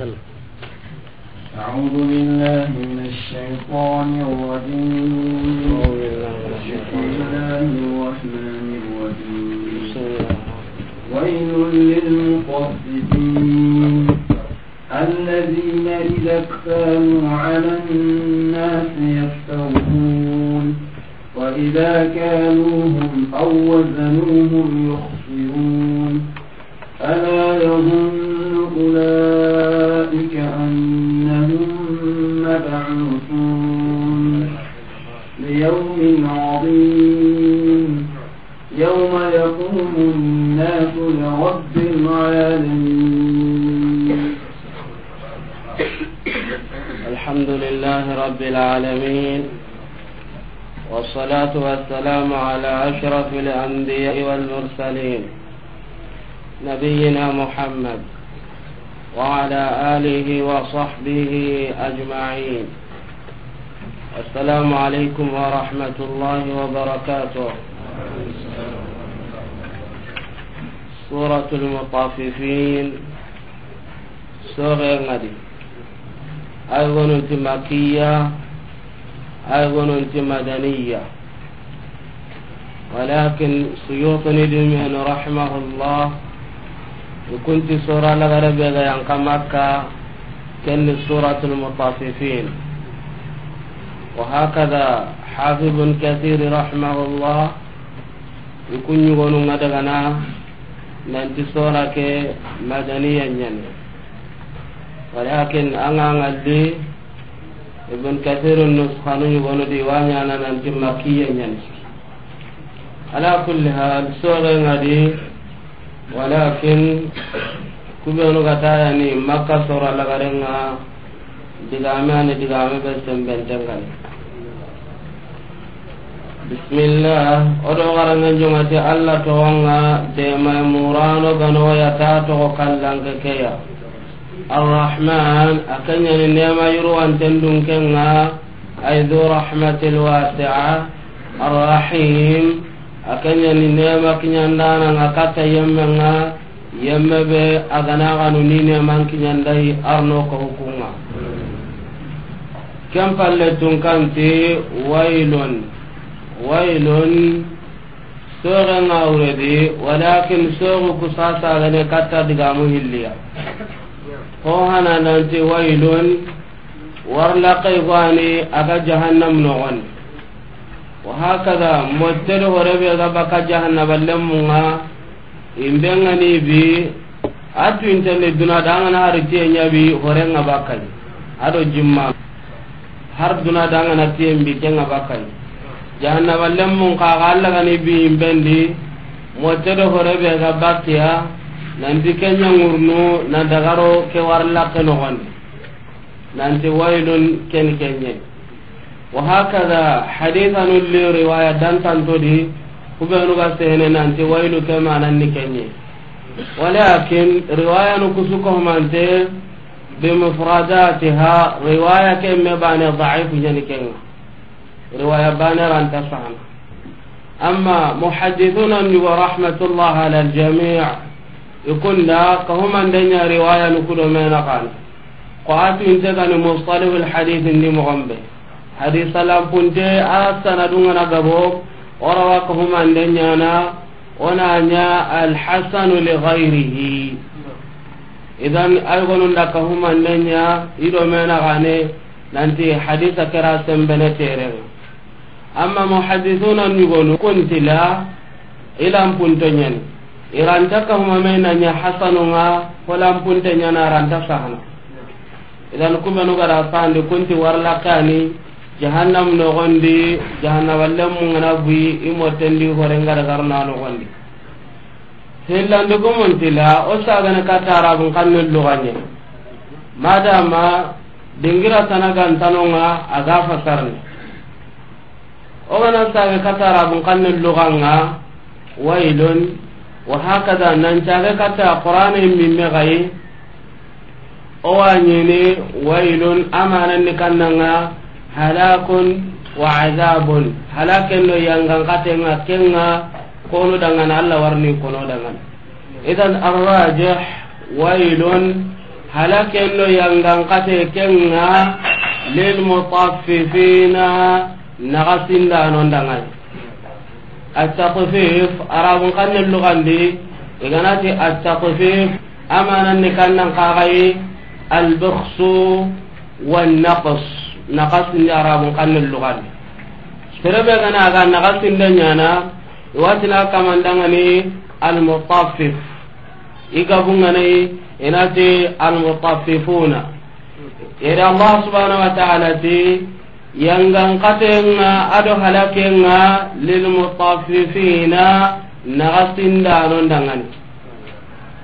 يلا أعوذ بالله من الشيطان الرجيم بسم الله الرحمن الرحيم ويل للمطففين الذين إذا اكتالوا على الناس يفترون وإذا كالوهم أو وزنوهم يخسرون ألا يظن أولئك يوم عظيم يوم يقوم الناس لرب العالمين الحمد لله رب العالمين والصلاة والسلام على أشرف الأنبياء والمرسلين نبينا محمد وعلى آله وصحبه أجمعين السلام عليكم ورحمة الله وبركاته سورة المطففين سورة غدي أيضا أنت مكية أيضا أنت مدنية ولكن سيوطني دمين رحمه الله وكنت سورة لغربية ينقى مكة كان سورة المطففين وهكذا حافظ كثير رحمه الله يكون يقول مدغنا ننتي سورة مدنيا يعني ولكن أنا أغلي ابن كثير النسخان يقول ديواني أنا ننتي مكيا يعني على كل حال سورة غدي ولكن كبيرو غتايا ني مكة سورة لغرنها digame ani digame ɓe sembenten kan bismillah oɗo garanga jongati allah towanga demay murano ganoya ta togo kallanke keya arrahman akeñani nema yurwanten dunkenga ay du rahmati lwasia arrahim akeñani nema kiñandananga katta yemmenga yemme ɓe arno ko hukum ken palle tunkanti wailun wailun soge ngawuredi walakin sogu kusasagene katta digamu hilliya ko hana nanti wailun warlaqey goani aga jahannam nogoni wahakada mottedi horeɓega baka jahannaballemunga imbenganibi a tuintene duna dangana haritiye ñabi horenga bakkani aɗo jimma har duna dangana tiyen bi kenga bakkai jahannaba lemmun kaga allah gani biimbendi moccedo horebe ga bakkiya nanti kenya ngurnu na dagaro ke war lakke nogondi nanti wailun ken kenye wa hakada hadithanu li riwaya dantantodi kubenuga sehene nanti wailu ke mananni kenye walakin riwayanu kusukohomante بمفرداتها رواية كم بان ضعيف جنكين رواية بان ران تصحن أما محدثون ورحمة الله على الجميع يكون لا كهما دنيا رواية نقول ما نقال قاتل انتقل مصطلح الحديث اللي مغمبه حديث سلام كنت أسنا دون نقبوك ورواكهما دنيانا ونانيا الحسن لغيره idan ay gonun da ka huma nenya ido mena gane nanti hadisa kara sembene tere amma muhaddithuna ni gonu kuntila nyen iran iranta ka huma mena nya hasanunga kolam puntenya na ranta sahana idan kubenu gara pande kunti warla kani jahannam no gondi jahannam wallam ngana bui imotendi hore ngara garna no gondi hillandi gumuntila o sagana ka tarabun kannin luganye madama dingira tana gantanonga aga fasarni o gana saga ka tarabun kannin luganga wailun wa hakada nan caga kata qur'ani mimme gayi o wanyene wailun amanan ni kannanga halakun wa azabun halaken no yangan katenga kenga konu dangana allah warni kono dangana idan arrajih wailun halakenno yangankate kenga lilmutaffifina naga sindano dangani attakfif iganati gana iwatina kamandangani almutaffif igabungani inati almutaffifuna yeri allah subhanahu wa ta'ala ti yangankatenga ado halakenga lilmutaffifina nagasindanondangani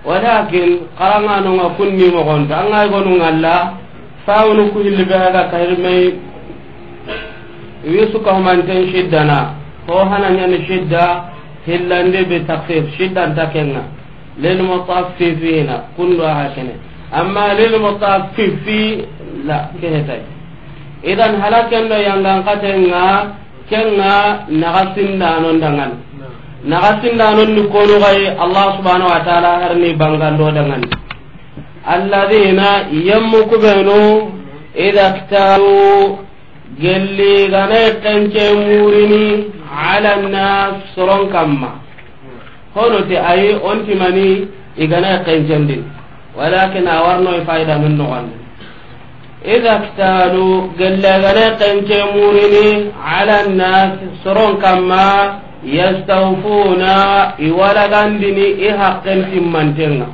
walakin karanganonga kunni mogonto angaygonungalla fawunu kuhillibeaga kahirmai wi sukahumanten shiddana ho hananyani shidda hillandi bitakfif shiddanta kenga lilmutaffifina kundu aha kene amma lilmutaffifi la kehetay idan hala kendo yangankatenga kenga naga sindanondangan naga sindanonni konugay allah subhanau wa taala harni bangandodangan alladina yemmu kubenu ida ktaru gelligane kence murini ala nas soron kamma honoti ayi ontimani igana kencendin walakin awarnoy fayida min nogondi ida ktalu gellegana kence murini ala nas soron kamma yastawfuna iwaragandini i haqqen timmantenga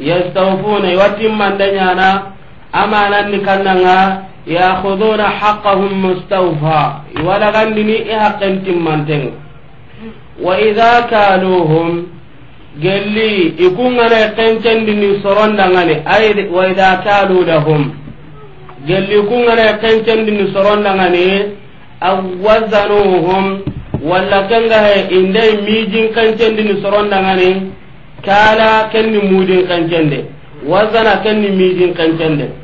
yastawfuna iwa timmande ñana amananni kannanga yakhuduna haqqahum mustawfa wala gandini e haqqen timmantenga wa idha kaluhum gelli ikungana kencendini sorondangani ay wa idha kalu lahum gelli ikungana kencendini sorondangani aw wazanuhum walla kengahe indai mijin kencendini sorondangani kala kenni mudin de wazana kenni mijin de.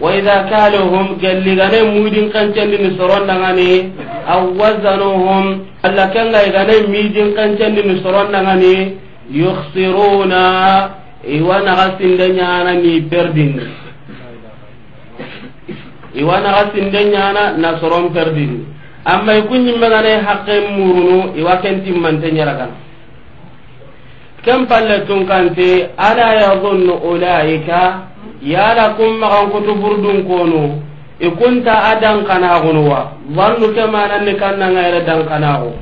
wa idha kaluhum galligane mudin kancendi ni sorondangani aw wazanuhum alla kenga igane midin kancendi ni sorondangani yukhsiruna iwanaga sinde ñana ni perdindi iwanaga sinde ñana na soron perdindi amma ikuñimmegane haqqe murunu iwa kentimmante ñaragana ken palle tunkante ala yadunnu ulaika yala kum magan kutu burdun kono ikunta adan kanagono wa zannu ke mananni kannanga ere dan kanago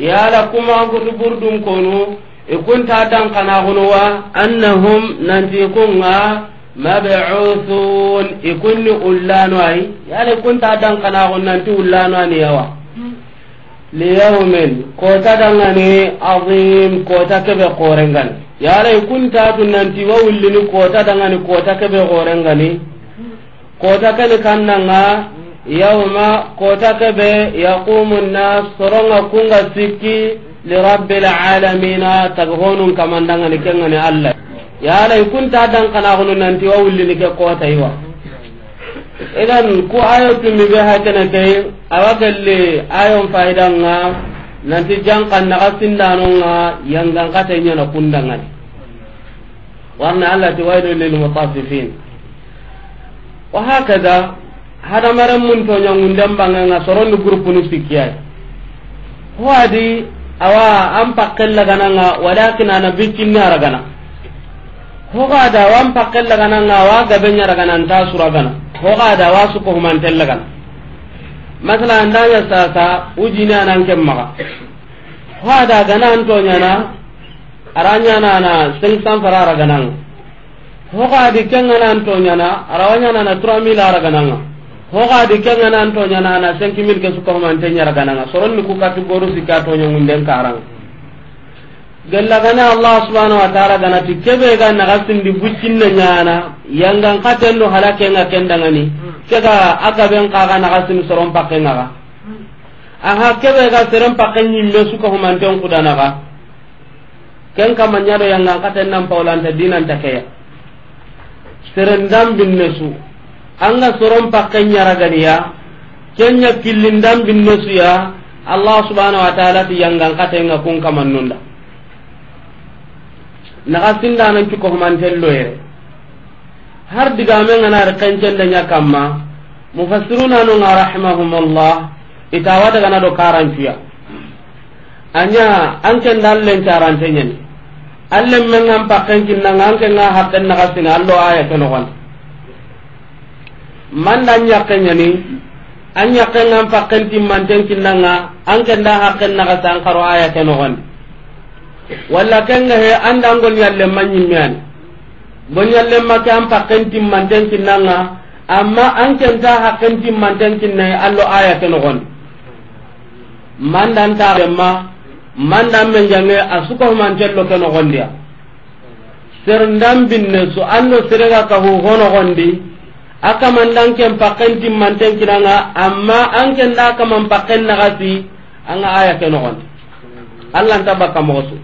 yala kum magan kutu burdun kono ikunta adan kanagono wa annahum nanti kunga mab'uthun ikunni ullano ay yala ikunta adan kanago nanti ullano ani yawa liyawmin kota dangani azim kota kebe korengani yarai kuntatu nanti wa ni kota da ngani kota kebe gorengani kota kani kannanga yauma kota kebe yaqumu nnas soronga kunga sikki ta alamina tagahonun kamandangani kengani allah yarai kunta dankanagunu nanti wa ni ke kotaiwa idan ku mi be hakenakei awa gelli ayon faidanga nanti jankan naga sindanonga yangan kata nyana kundangani warna allah ti wailu lil mutaffifin wa hakaza hada maran mun to nyangundam banganga soron grupu nu sikiyai ho adi awa am pakkella gananga walakin ana bikinna ragana ho ga da wa am pakkella gananga wa gabenya ragana ta suragana ho ga da wa su ko humantella gananga masala ya sasa ujini anan ken maga hada gana anto nyana aranya nana sing samfara ara gananga hoga di kenga nan to nyana arawanya nana 3 mil ara gananga hoga di kenga nan to nyana na 5 kimil ke suko man tenya ara gananga soron ni ku katu boru sikato nyungun den karang gelagana allah subhanahu wa ta'ala gana ti kebe ga na gasin di bucin na nyana yangan katen no halake nga ni kega aga ben ka ga na gasin soron pakke nga ga aha kebe ga soron pakke ni me su ko man ton kudana ga ken nyado yangan katen nan paulan ta dinan ta kaya serendam bin nesu anga soron pakke nyara ganiya kenya kilindam bin nesu ya allah subhanahu wa ta'ala ti yangan katen nga kun nunda naga man cukohumantello yere har digamenganari kencende nya kamma mufasirunanunga rahimahumullah itawa na do karancuya anya an kenda allencarante ñani allen mengan pakken nan an kenga hakken na sina allo aya ke nogon manda an ñakke ñani an ñakkengan pakken kin nan an kenda hakken naga sa karo aya walla kenga he anda ngol yalle manni men bon nyalle maka am pakken timman den kinanga amma an ken ta kentim timman den kinai allo aya ken gon mandan ta ma mandan men jange asuko man jello ken gon dia ser serndam binne so anno serega ka ho hono gondi aka mandan ken pakken timman den kinanga amma an ken da ka man pakken nagasi anga aya ken gon Allah ta baka mosu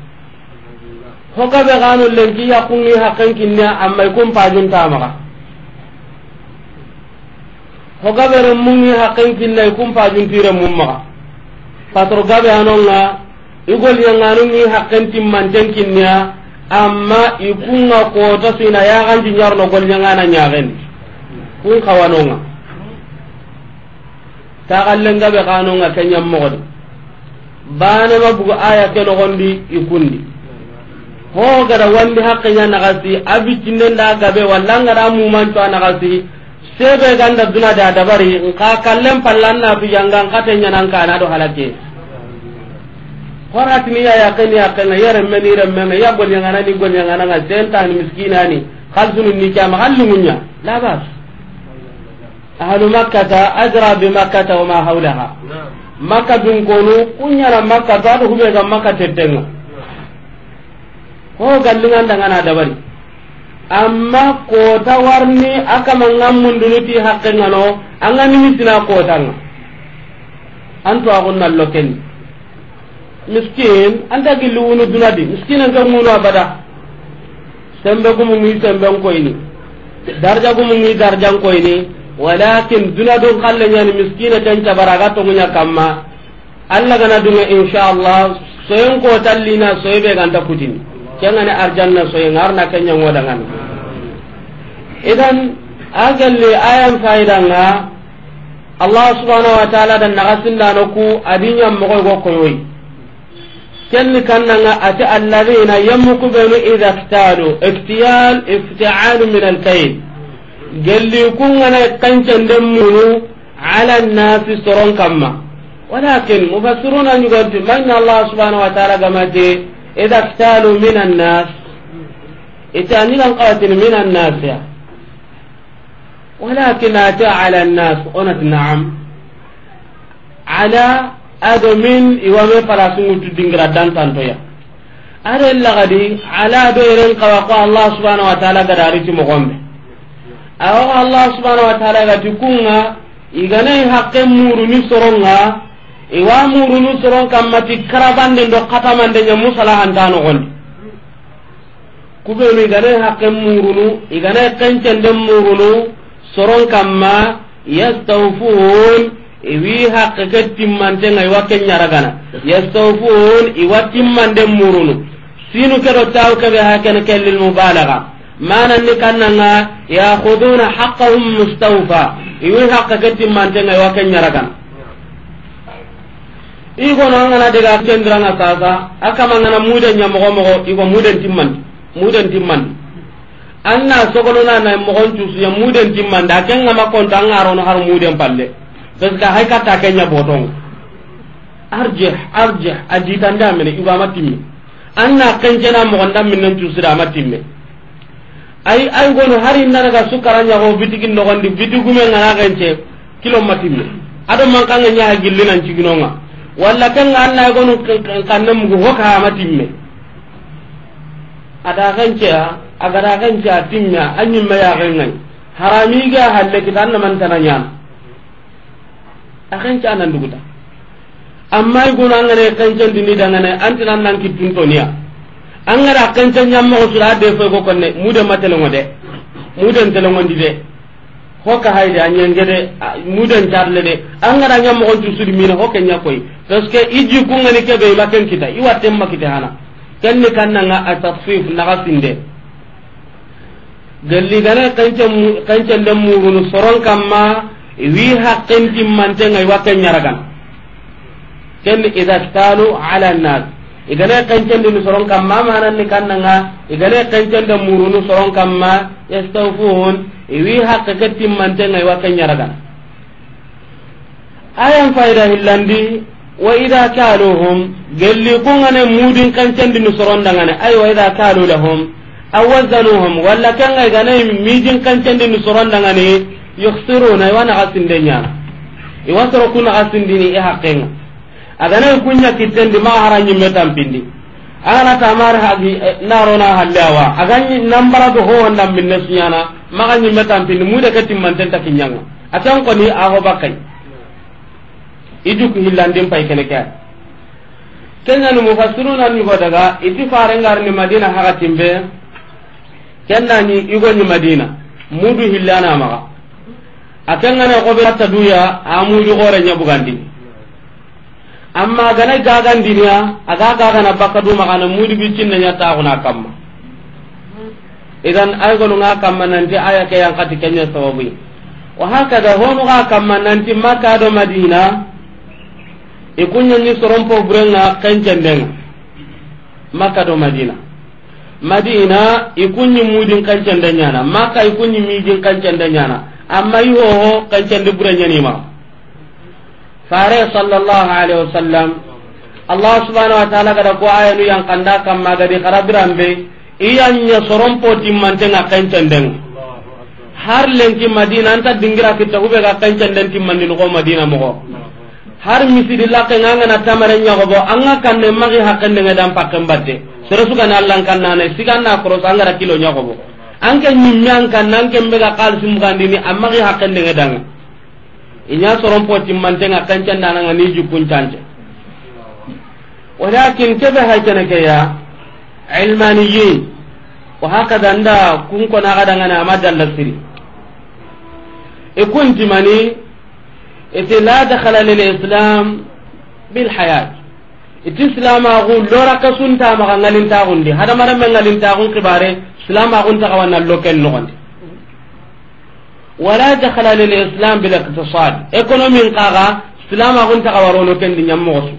hoga be ganu lenki ya kunni hakkan kinna amma kun pajun ta maka hoga be remungi hakkan kinna kun pajun tire mum maka patro gabe anonga igol yang anungi hakan timman den kinna amma ikunga kota sina ya kan ganji no gol nyanga na nyagen kun kawanonga ta kallen gabe kanonga kenyam mogodi bana mabugo aya ke gondi ikundi ho gara wandi hakkenya nagasi abiccinnen da gabe walla ngara mumancoa se sebe ganda duna da dabari nka kallen pallan na bi yanga nkate tenya nan ka na do halake horat ni ya yakin ya kana yare men yare men ya gol yanga nani gol yanga nan senta ni miskina ni khalsun ni kya ma hallu munya la bas ahlu makkata ajra bi makkata wa ma hawlaha makka dun kono kunya na makka ta do hube ga makka tetenga ho gallingan da ngana dabari amma kota warni akama ngammundunu ti haqqe ngano anga nimitina kotanga antu agunna loken miskin anda gilli wunu dunadi miskin anta munu abada sembe gumu mi sembe koyni darja gumu mi darja koyni walakin dunadu kalle nyani miskina tan tabaraga to munya kamma alla gana dunga insha Allah soyen ko tallina soyebe ganta kutini ni arjanna soyen arna kenyangodangan idan agalli ayan faidanga allah subhanahu wa taala dan nagasindano ku adi ñammogoy go koyoy kenni kannanga ati alladina yammuku benu ida ktalu iktiyal iftialu min alkaid gelli kungana kancenden munu ala nnasi soron kamma walakin mufassiruna ñugonti magna allah subhanahu wa taala gamate إذا اقتالوا من الناس إتاني لن قاتل من الناس يا. ولكن أتى على الناس قلت نعم على أدمين يومي فلسون تدين قردان تنطيا أري اللغدي على دورين قوقوا الله سبحانه وتعالى قراريتي مغمي أو الله سبحانه وتعالى قد يكون إذا نهي حق مورني سرونها iwa murunu soron kammati karabande do katamande nya musalahantano gondi kubenu igane hakken murunu igane kencenden murunu soron kamma yastawfun iwi hakke ke timmantenga iwa kenyaragana yastawfun iwa timmanden murunu sinu kedo taw kebe hakene kellil mubalaga mananni kannanga yakhuduna haqqahum mustawfa iwi hakke ke timmantenga iwa kenyaragana igono angana daga kendiranga sasa ngana muda nya mogo igo muda timman muda timman anna sokolo na ya muda timman da kenga makonta ngaro no har muda palle bes que hay kata kenya botonga arje arje a jitande amene igo ama timme anna mogo ndam min ntusu da amatim ay ay gono hari naraga sukaranñago bitigin nogondi bitigume ngana kence kilo ma timme aɗo mankanga ñaha ci ginonga wala kan anna gonu kanna mugu ho ka ma timme ada kanche agara timme timma anyi ma ya gangan harami ga halle ki na man tananya akan ca nan duguta amma go nan ne kan dini dangane antinan nan kitun tonia an gara kanche ma ko sura de fe ko konne mude matele ngode mude ntele ngondi de hoka hayde anyangede mude ntarle de an gara ma ko sura mina hokka nyakoy parce que iji ni kebe ima ken kita iwa temma kita hana kenni kannanga a tasfif naga sinde gelli gana kancen den murunu soron kamma wi haqqin timmantenga iwa ken ñaragan kenni ida stalu ala nas igana kancen den soron kamma mana ni mananni kannanga igana kancen den murunu soron kamma yastawfuhun iwi haqqe ke timmantenga iwa ken ñaragan ayan fayda hillandi wa idha kaluhum gelli kungane mudin kancendi ni sorondangane ay wa idha kalu lahum aw wazanuhum walla kanga gane mijin kancendi ni sorondangane yukhsiruna wa naqasindenya iwasoro kuna asindini e haqqenga agane kunya kitendi ma haranyi metam pindi agana tamar hagi eh, narona hallawa aganyi nambara do ho ndam minne sunyana maganyi metam pindi mude katim manten takinyanga atan ko ni aho bakai ijuk hillandin pay kene ke kenyani mufassiruna ni go daga iti farengar ni madina haga timbe kenna ni igo ni madina mudu hillana maga akengane ko be ta duya amuju gore nya bugandi amma gana gagandiniya aga gagana bakka du magana mudu bi bicinna nya ta kuna kamma idan ay gonu nga kamma nanti aya ke yang kati kenya sababu wa hakada honu ga kamma nanti makka do madina ikunyani soronpo burenga kencendenga maka do madina madina ikunyi mudin kancende nyana maka ikunyi midin kancende nyana amma ihoho kancende burenyanima fare sallallahu alaihi wasallam allah subhanahu wa ta'ala gada ko ayanu yang kanda kamma gadi karabirambe iyanya sorompo timmantenga kancendenga har lenki madina anta dingira kitta hube ga kancenden timmandi nogo madina mogo har misiri lakke nganga na tamare nyago bo anga kanne magi hakkande ngadam pakken batte sere suka na allan kanna na sigan na koro sanga ra kilo nyago bo anke nyimmi anka nanke mbega kalsum gandini amma gi hakkande ngadanga inya soron poti mantenga kancan dana ni jukun cance walakin kebe haykene ke ya ilmaniyin wa hakada nda kun kona kadanga na amadalla siri ikuntimani إتي لا دخل للإسلام بالحياة إتي سلام أقول لو رك سنتا ما غنال إنت أغندي هذا مرة من غنال إنت أغندي باره سلام أغندي تقوان اللوكين نغندي ولا دخل للإسلام بالاقتصاد إيكونومي قاغا سلام أغندي تقوارونو كن دي نموغسو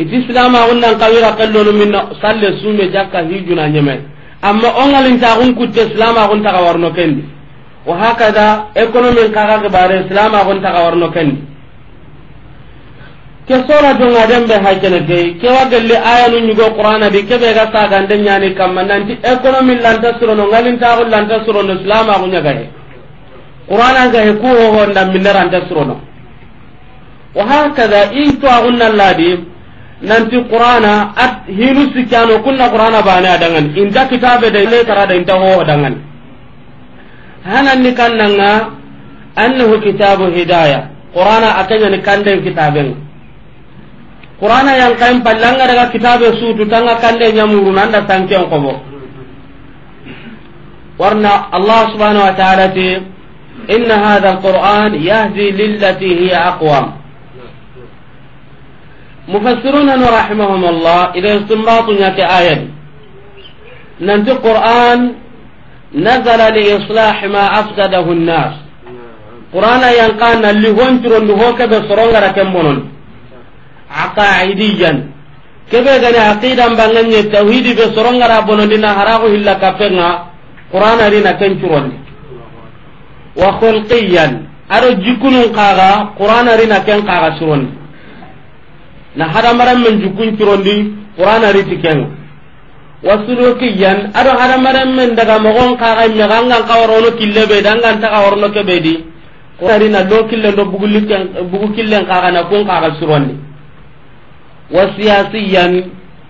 إتي سلام أغندي نقاوير أقلون من صلي سومي جاكا هيجونا نمي أما أغنال إنت أغندي سلام أغندي تقوارونو كن دي wa hakada ekonomi kaga bare islam agon ta warno kendi ke sora jonga dembe hakene ke ke aya nyugo qur'ana ke sa nyani lanta ngalin ta ko lanta surono islam he qur'ana ga he ko ho nda minara wa hakada in to ladi qur'ana at sikano kunna qur'ana bana dangan inta kitabe de le tara da inta ho dangan hananni kannanga annahu kitabu hidaya qur'ana akanya ni kanden kitaben qur'ana yang kain pallanga daga kitabe sutu tanga kande nyamuru nanda tanken qobo warna allah subhanahu wa ta'ala ti inna hadha alquran yahdi lillati hiya aqwam mufassiruna rahimahumullah ila istinbatu nyati ayat nanti qur'an نزل لإصلاح ما أفسده الناس قرآن ينقان اللي هونترون هو كبه سرونغر كمبنون عقاعديا كبه غني عقيدا بانغن التوحيد بسرونغر أبنون لنا هراغو إلا كفنا قرآن رينا كنترون وخلقيا أرو جكنون قاغا قرآن رينا كن قاغا سرون نحرم رمن جكن ترون دي قرآن ريتي كنو yan ado hadamaren men daga mogon kaga nyaga angan kawarono kille be dangan ta kawarono kebe di qari na do kille do bugulikan bugu kille kaga na kun kaga suronni wasiyasiyan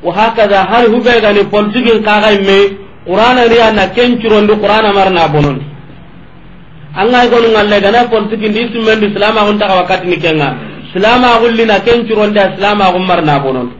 wa hakaza har hube ga ni politikin kaga me qur'ana riya na kencuron do qur'ana na bonon angay gonu ngalle ga na politikin di sumen islam agun ta wakati ni kenga islam agun lina kencuron da islam agun marna bonon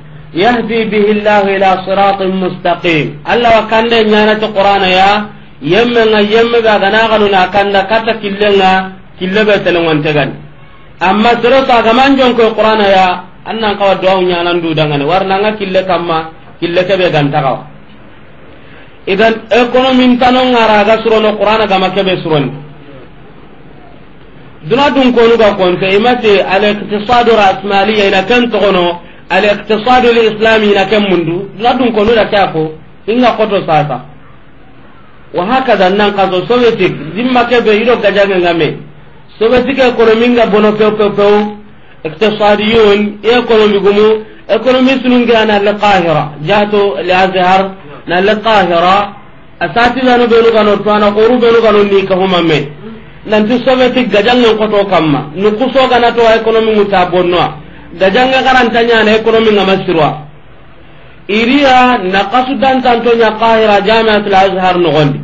yahdi bihi llahu ila siratin mustaqim allah wa kande ñanati qur'ana ya yemme nga yemme ga gana ganuna kanda kata killenga kille be telongontegani amma sereto agaman jonkoy qur'ana ya annan kawa duwawu ñanan dudangani warnanga kille kamma kille keɓe gantagawa idan économin tanongaraga surono qur'ana gama keɓe suroni duna dun konuga konte imati al rasmaliya ina ken togono al iqtisad al islami na kem mundu na dun ko da ta ko inga koto sasa wa haka hakaza nan kazo soviet dimma ke be ido gajaga ngame soviet ke ko minga bono pe pe pe iqtisadiyun economy gumu economy sunun na al qahira jato li azhar na al qahira asati nanu benu gano tana koru benu gano ni ka huma me nan nanti soviet gajaga ko to kamma nu kuso na to economy mutabonwa da janga nya nyana economy nga masirwa iriya na kasu dantan to nya qahira jami'at al-azhar no gondi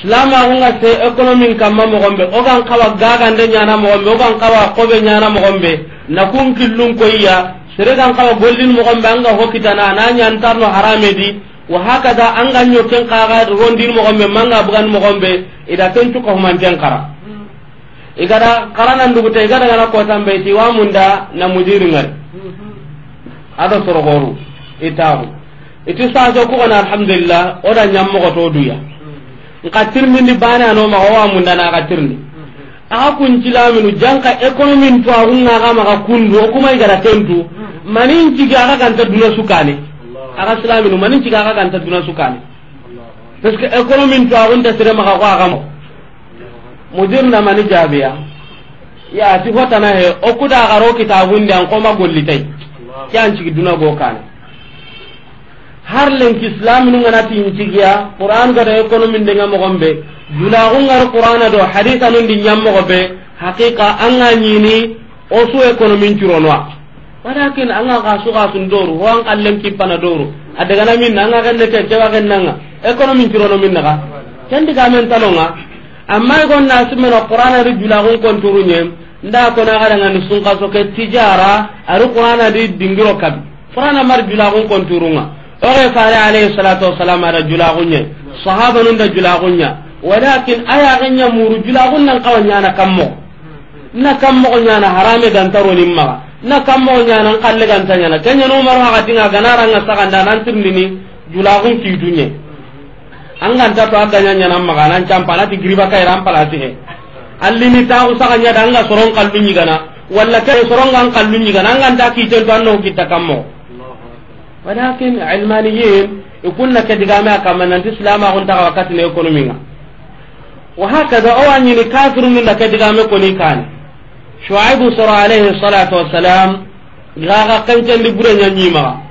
islama hunga se economy kamma mo gombe o gan kawa gaga nde nyana mo gombe o gan kawa kobe nyana mo gombe na kun killun ko iya sere gan kawa gollin mo gombe anga hokitana na nyantarno haramedi wa haka hakada anga nyoken kaga rondin mo gombe manga bugan mo gombe ida tentu ko man kara igada karanan duguta igada gana kotan beti wa munda na mujiri ngari ada sorogoru itahu itu sajo ko na alhamdulillah oda nyammo ko to duya nka tirmindi bana no ma wa munda na ka ni. aka kun jilaminu janka economy to arunga ga ma ka kundu ko mai gara tentu manin ci ga kan ta duna sukane aka islaminu manin ci ga kan ta duna sukane parce que economy to arunta sire ma ka ko aga mo mudir na mani jabiya ya ti ya, na he o kuda garo kitabun dan ko magollitai kyan cigi duna go kan har len islam nun ngana tin giya qur'an ga da ekonomi denga mo gombe duna ngar qur'an do haditha anu nun din nyam mo an ga ni ni o su ekonomi curonwa walakin anga ga su ga sun doru ho an kallen pana doru adaga kan kan na min ga ganne ke ke nan ekonomi curono min naga kendi ga men talonga amma gon na no qur'ana ri ko kon turunye nda ko na ga ngani sun so ke tijara ari qur'ana ri dingiro kabi qur'ana mar ko kon turunga o re fare alayhi salatu wassalam ara julagunye sahaba nun da nya walakin aya ganya muru ko nan kawanya na kammo na kammo nyana harame dan taro limma na kammo nyana kalle gan tanya na kenya no maro ha ga tinga ganara nga antum ni jula ko ti dunye angan ta to aganya nyana magana campa na ti griba kay ram palati he allini ta usaka nya danga soron kallu nyi gana walla kai soron gan kallu nyi gana angan ta ki to anno kita kammo walakin ilmaniyin ikunna ke diga me akamma nan islama on ta wakati ne ekonomi nga wa hakaza o oh, anyi ni kafiru min da ke diga me ko ni kan shuaibu sura alaihi salatu wassalam gaga kanjan libure nya nyima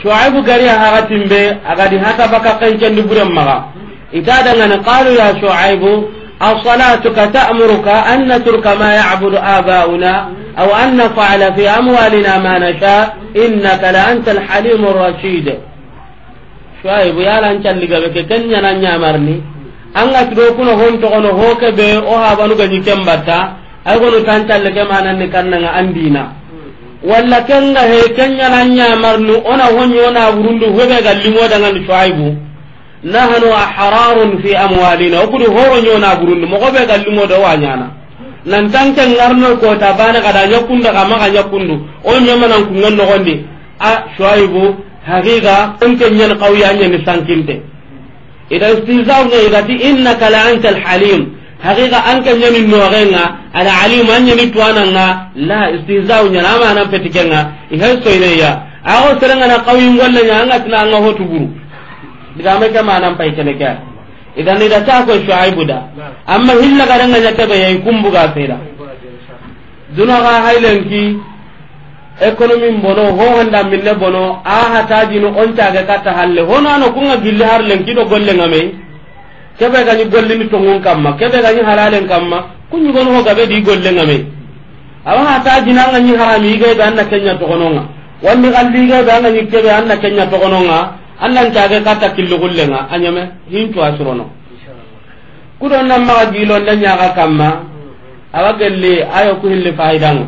shu'aibu gari hagatin be agadi hata baka kanken di buren maga ita da ngana qalu ya shu'aibu as-salatuka ta'muruka an natruka ma ya'budu aba'una aw an naf'ala fi amwalina ma nasha innaka la anta al-halim ar-rashid shu'aibu ya lan challi gabe ke kenya nan nyamarni an ga tudo kuno hon to kono hoke be o ha banu ga nyikem batta ay gono tan challe ke manan ni kannanga andina walla kenga he kenya na nyamarnu ona honyo na burundu hobe galimo daga ni shuaibu nahnu ahrarun fi amwalina okudu horo nyo na burundu mo galimo da do wanyana nan tanke ngarno ko ta bana kada nyakunda kama ka nyakundu onyo manan kungan no gondi a shuaibu hakika tanke nyen qawiyanya ni sankinte idan istizaw ne idati innaka la antal halim haqiqa an kan nyani no renga ada alimu an nyani tuana nga la istihza'u nyana ma nan petikenga ihe so ileya awo serenga na kawi walla nya anga tina anga hotu guru diga me kama nan pai kene ka idan ida ta ko shuaibu da amma hilla garanga nya tabe yayi kumbuga fera duna ga hailenki economy bono ho handa minne bono a hataji no on taga kata halle hono no kunga gilli har lenki do golle ngame kebe gani gollini tongon kamma kebe gani halalen kamma kunyu gono ho gabe di golle ngame awa hata jinanga ni harami ga ga anna kenya to gononga wandi galli ga ga anna ni kebe anna kenya to gononga anna ntaage kata killu gullenga anyame hinto asrono kudon nan ma gilo ndanya ga kamma mm-hmm. awa gelle ayo ku hille faidango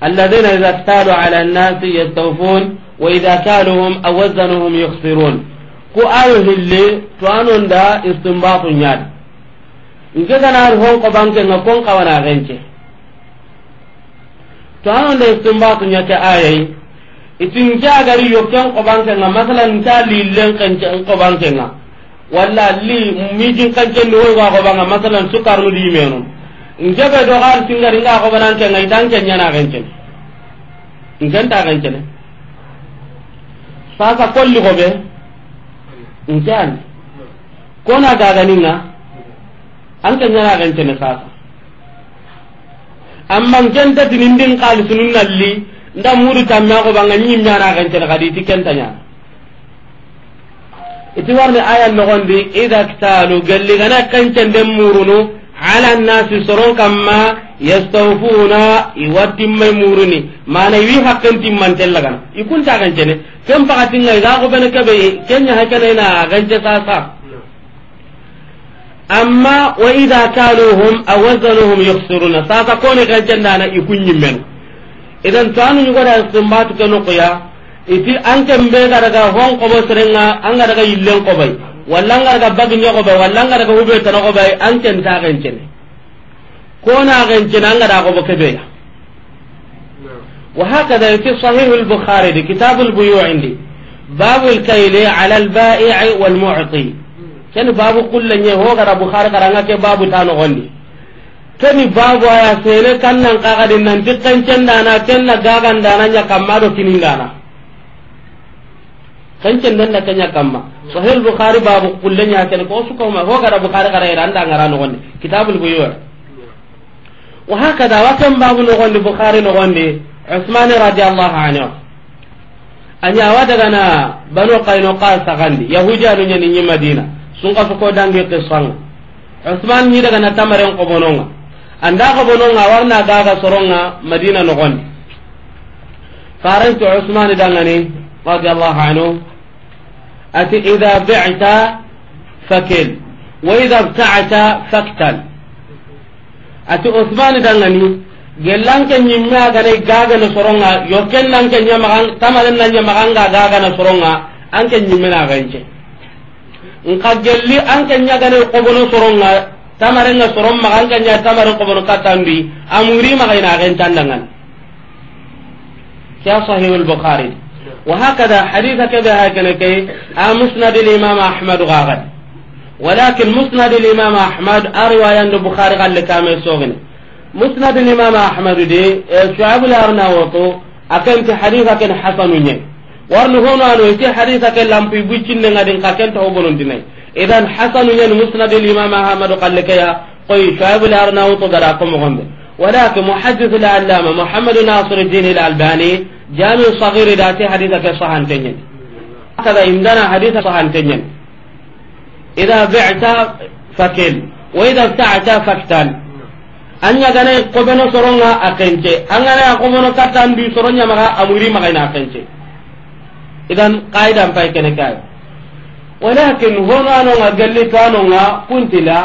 alladheena idha talu ala an-nasi yastawfun wa idha kaluhum aw wazanuhum yukhsirun ko ayo hille to anon anonda istinbatu ñaadi nke ganari ko banke nga kon kawana gence to anon da anonda istinbatu ta ayi itin gari yo agari ko banke nga masalan nta lillen ko banke nga walla li mi jin kan mijin no wa ko kobanga masalan sukar di sukarnu dimenu nkebe do har singari nga kobananke nga itanke ñana gencene nkenta gencene sasa kolli ko be nke ani kona gaganinga an ke ñana gencene sasa amma nkenta tinindin kalisunun nalli nda muri tammeagobanga ñim ñana gencene kadi iti kenta ñana iti warni aya nogondi ida ktalu gelligana kencenden murunu ala nnasi soron kamma yastawfuna iwattimmai muruni mana iwi hakkentimmanten lagana ikunta gencene ken pakatinga iga xobene kabe kenya hakena ina agance sasa amma wa ida kaluhum aw wazanuhum yukhsiruna sasa kone gancendana men idan to anu ñugoda simbatu ke nokuya iti anke mbe ga daga hon kobo serenga anga daga yillen kobay walla anga daga bagi nyo bai walla anga daga hube tan kobay anke nta gancene kona gancene anga da kobo kebeya وهكذا في صحيح البخاري دي كتاب البيوع عندي باب الكيل على البائع والمعطي كان باب كل ني هو غرا بخاري غرا كي باب تانو غني كان باب يا سينه كان نان قاعد نان تكن كان كن غاغان دانا يا كمادو كينغانا kan cen dan kan ya kamma sahih bukhari babu kullen ya kan ko su ko ma ho gara bukhari gara ira anda ngara no gonde kitabul buyur wa hakada wa kan babu no gonde bukhari no gonde عثمان رضي الله عنه أن يوادنا بنو قينقاع سغندي يهوجا نيني مدينة سنقف كو دانغي قصان عثمان ني دغنا تمرن قبونونغا anda قبونونغا ورنا غاغا سرونغا مدينة نغون فارنت عثمان دانغني رضي الله عنه أتي إذا بعت فكل وإذا ابتعت فاقتل أتي عثمان دانغني gellanke ñimme agana gagana soronga yorken nanke ñamagan tamaren na ñamaganga gagana soronga anke ñimmenagance nka gelli anke ñagana kobono soronga tamarenga soron maga anke ña tamaren kobono kattandi amuri magainagencandangan kya sahihu lbukhari وهكذا حديث كذا هكذا كي مسند الإمام أحمد غاغد ولكن مسند الإمام أحمد أروى أن البخاري قال لك سوغني مسند الإمام أحمد دي إيه، شعب الأرناوتو أكن في حديث أكن حسن ني وارن هنا أنا إيه، في حديث أكن لام في بيتين نعدين كأن تعبون دي إذن حسن ني مسند الإمام أحمد قال لك يا قوي شعب الأرناوتو دراكم مهم ولكن محدث العلامة محمد ناصر الدين الألباني جامع صغير ذاتي حديث أكن صحن تنين هكذا عندنا حديث صحن تنين إذا بعت فكل وإذا ابتعت فاكتن anya gane ko beno soronga akence angana ko mono katan bi soronya maka amuri maka ina akence idan qaida ampai kene kai walakin hono ano nga galli tano nga kuntila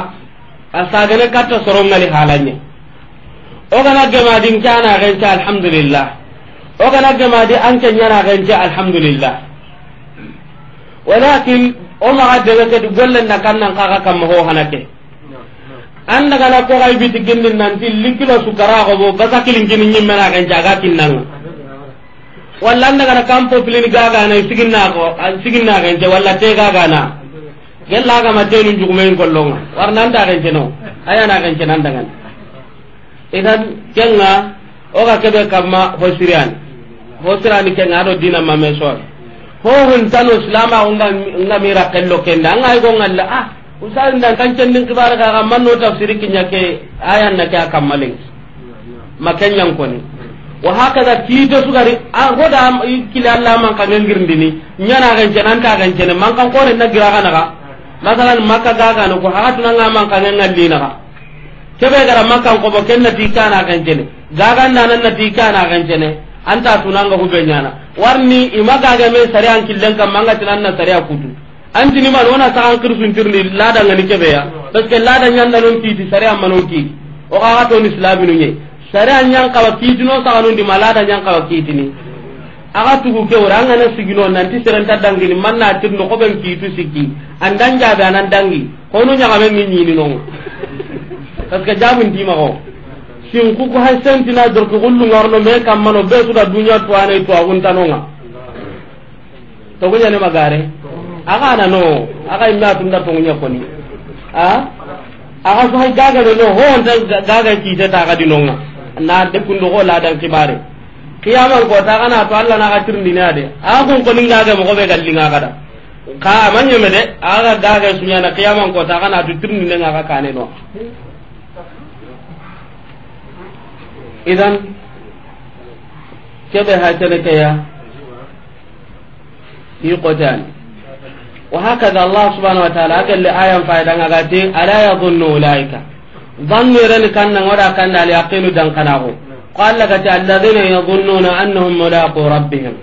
asagane katta soronga li halanye o kana gema din kana akence alhamdulillah o kana gema di anke nyana akence alhamdulillah walakin o maka debe ke golle na kannan kaka kamma ho hanake an daga na ko gai biti gindin nan ti likilo sukara ko bo basa kilin kini nyimme na kan jaga kinnan walla an daga na kampo filin gaga na sigin na ko sigin na kan je walla te gaga na gella ga ma tenu jugumen gollonga nan da kan je no aya na kan je nan daga idan kenga o ga kebe kamma ho sirian ho sirian kenga do dina ma meso ho hun tanu islama unga ngamira kello kenda ngai go ngalla ah usal dan kan din kibar ka ga manno tafsiri kinya ke ayan na ka kamalin makan yang koni wa da hakaza kito sugari a goda kila Allah man kan nya na ga cenan ta ga cenan man kan kore na gira na ka masalan makka ga ga ko hakatu na man kan ngalli na ka kebe gara makka ko bo na ti na ga cenan ga ga na na ti na ga cenan anta be nya na warni imaga ga me sare an killen kan manga tinan na sare akutu ni ma wona ta hankir sun tirni lada ngani kebe ya parce que lada nyanda non ti ti sare amma non ki o ka to ni islami ni nye sare an ka kawa ti no sa anu di malada ka kawa ti ni aga tugu an ora ngana sigino nan ti sare ta dangi ni manna tir no ko ben ti tu dan andan da nan dangi ko no nyaga ben ni ni no parce que jabu ndi ma ko sin ku ko hay sentina dor ko gullu ngarno me kam mano be su da dunya to anay to agun tanonga to ko nyane magare aga na no aga imma tunda to ngunya koni a aga so hay gaga do no ho onta gaga ki ta ta di nonga. na de do ko la dan kibare qiyamar ko ta kana to Allah na ga tirndi na de a ko ko ni ga mo ko be gallinga ga da ka amanya me de aga gaga sunya na qiyamar ko ta kana to tirndi nga ka kane no idan kebe hatana kaya yi qotani وهكذا الله سبحانه وتعالى قال لآية فايدة غاتي ألا يظن أولئك ظن رن كان ولا كان اليقين دن كناه قال لك الذين يظنون أنهم ملاقو ربهم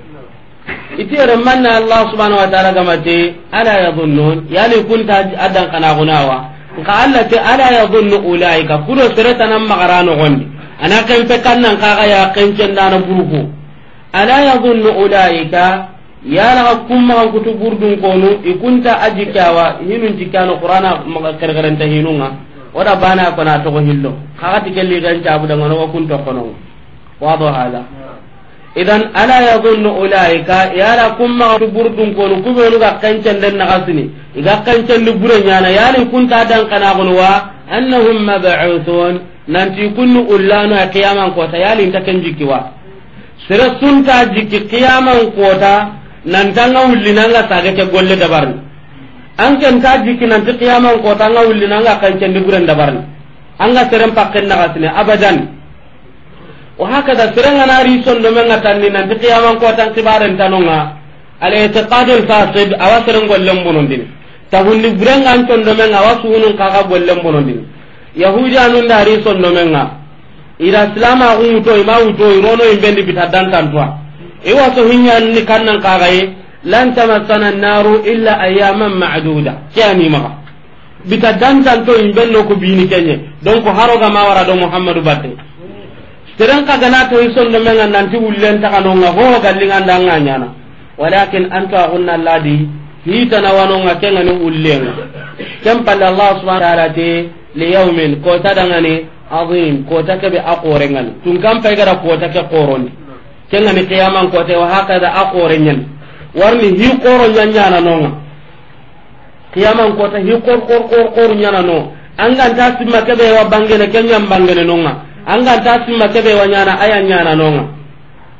itiere manna allah subhanahu wa ta'ala gamati ala yadhunnun yali kunta adan kana gunawa nka alla te ala yadhunnu ulaika kudo sereta nan magarano gondi ana kan pe kan nan ya ala ulaika yana ka kumma kutu burdun konu ikunta ajikawa hinun jikano qur'ana maga kergerenta hinunga wada bana ko na to hillo kaga tikelli gan jabu daga no kun to kono wado hala idan ala yadhunnu ulaika yana kumma kutu burdun konu kubenu ga kancen den nagasini iga kancen ni bure nyana yani kunta dan kana wa annahum mab'uthun nanti kunnu ullanu qiyaman kota yali ta kenjikiwa sere sunta jikki qiyaman kota nantanga wulli nanga sage ke golle dabarni an ken ta jiki nanti ma ko tanga wulli nanga kan ken diguren dabarni anga serem pakken na sine abadan wa hakada serenga na ri son do menga tanni nanti qiyaman ko tan kibaren tanonga al i'tiqad al fasid awa seren gollem bonondin tahundi burenga an ton do menga awa suunun kaga gollem bonondin yahudi anun da ri son do menga ira islama ko to ima wuto irono imbendi bitaddan tuwa. iwa to hinyan ni kannan kagai lan tamassana an illa ayyaman ma'duda kiyani ma bita dantan to in bello ku bini kenye donc haroga ma wara do muhammadu batte teren kaga na to ison do men nan ti wullen ta kanonga ho gallinga ndanga nyana walakin anta gunna ladi hitana wanonga kenga ni wullenga kem palla allah subhanahu wa ta'ala te li yawmin ko tadangani azim ko takabe aqorengan tun kam pay gara ko take qoroni kenga ni qiyaman ko te wa da aqore nyen warni hi qoro nyanya na nonga kiyama ko te hi qor qor qor qor nyana no anga ta simma ke be wa bangene kenya bangene nonga anga ta simma ke be wa nyana aya nyana nonga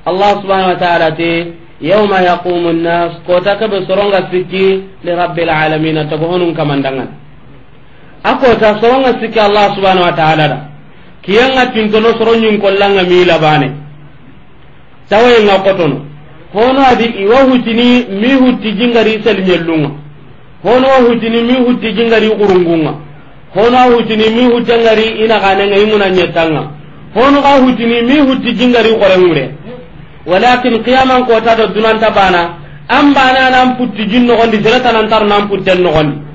allah subhanahu wa ta'ala te yawma yaqumu an-nas ko ta ke be soronga sikki li rabbil alamin ta ko honun kamandangan ako ta soronga sikki allah subhanahu wa ta'ala da kiyanga tinkono soronyin kollanga mi labane tawaye nga kotono hono adi iwa hutini mi hutti jingari sel nyellunga hono wa hutini mi hutti jingari kurungunga hono wa hutini mi hutangari ina kanenga imuna nyetanga hono ka hutini mi hutti jingari korengure walakin qiyaman kota do dunanta bana am bana nan putti jin nogondi seretanan tar nan putten nogondi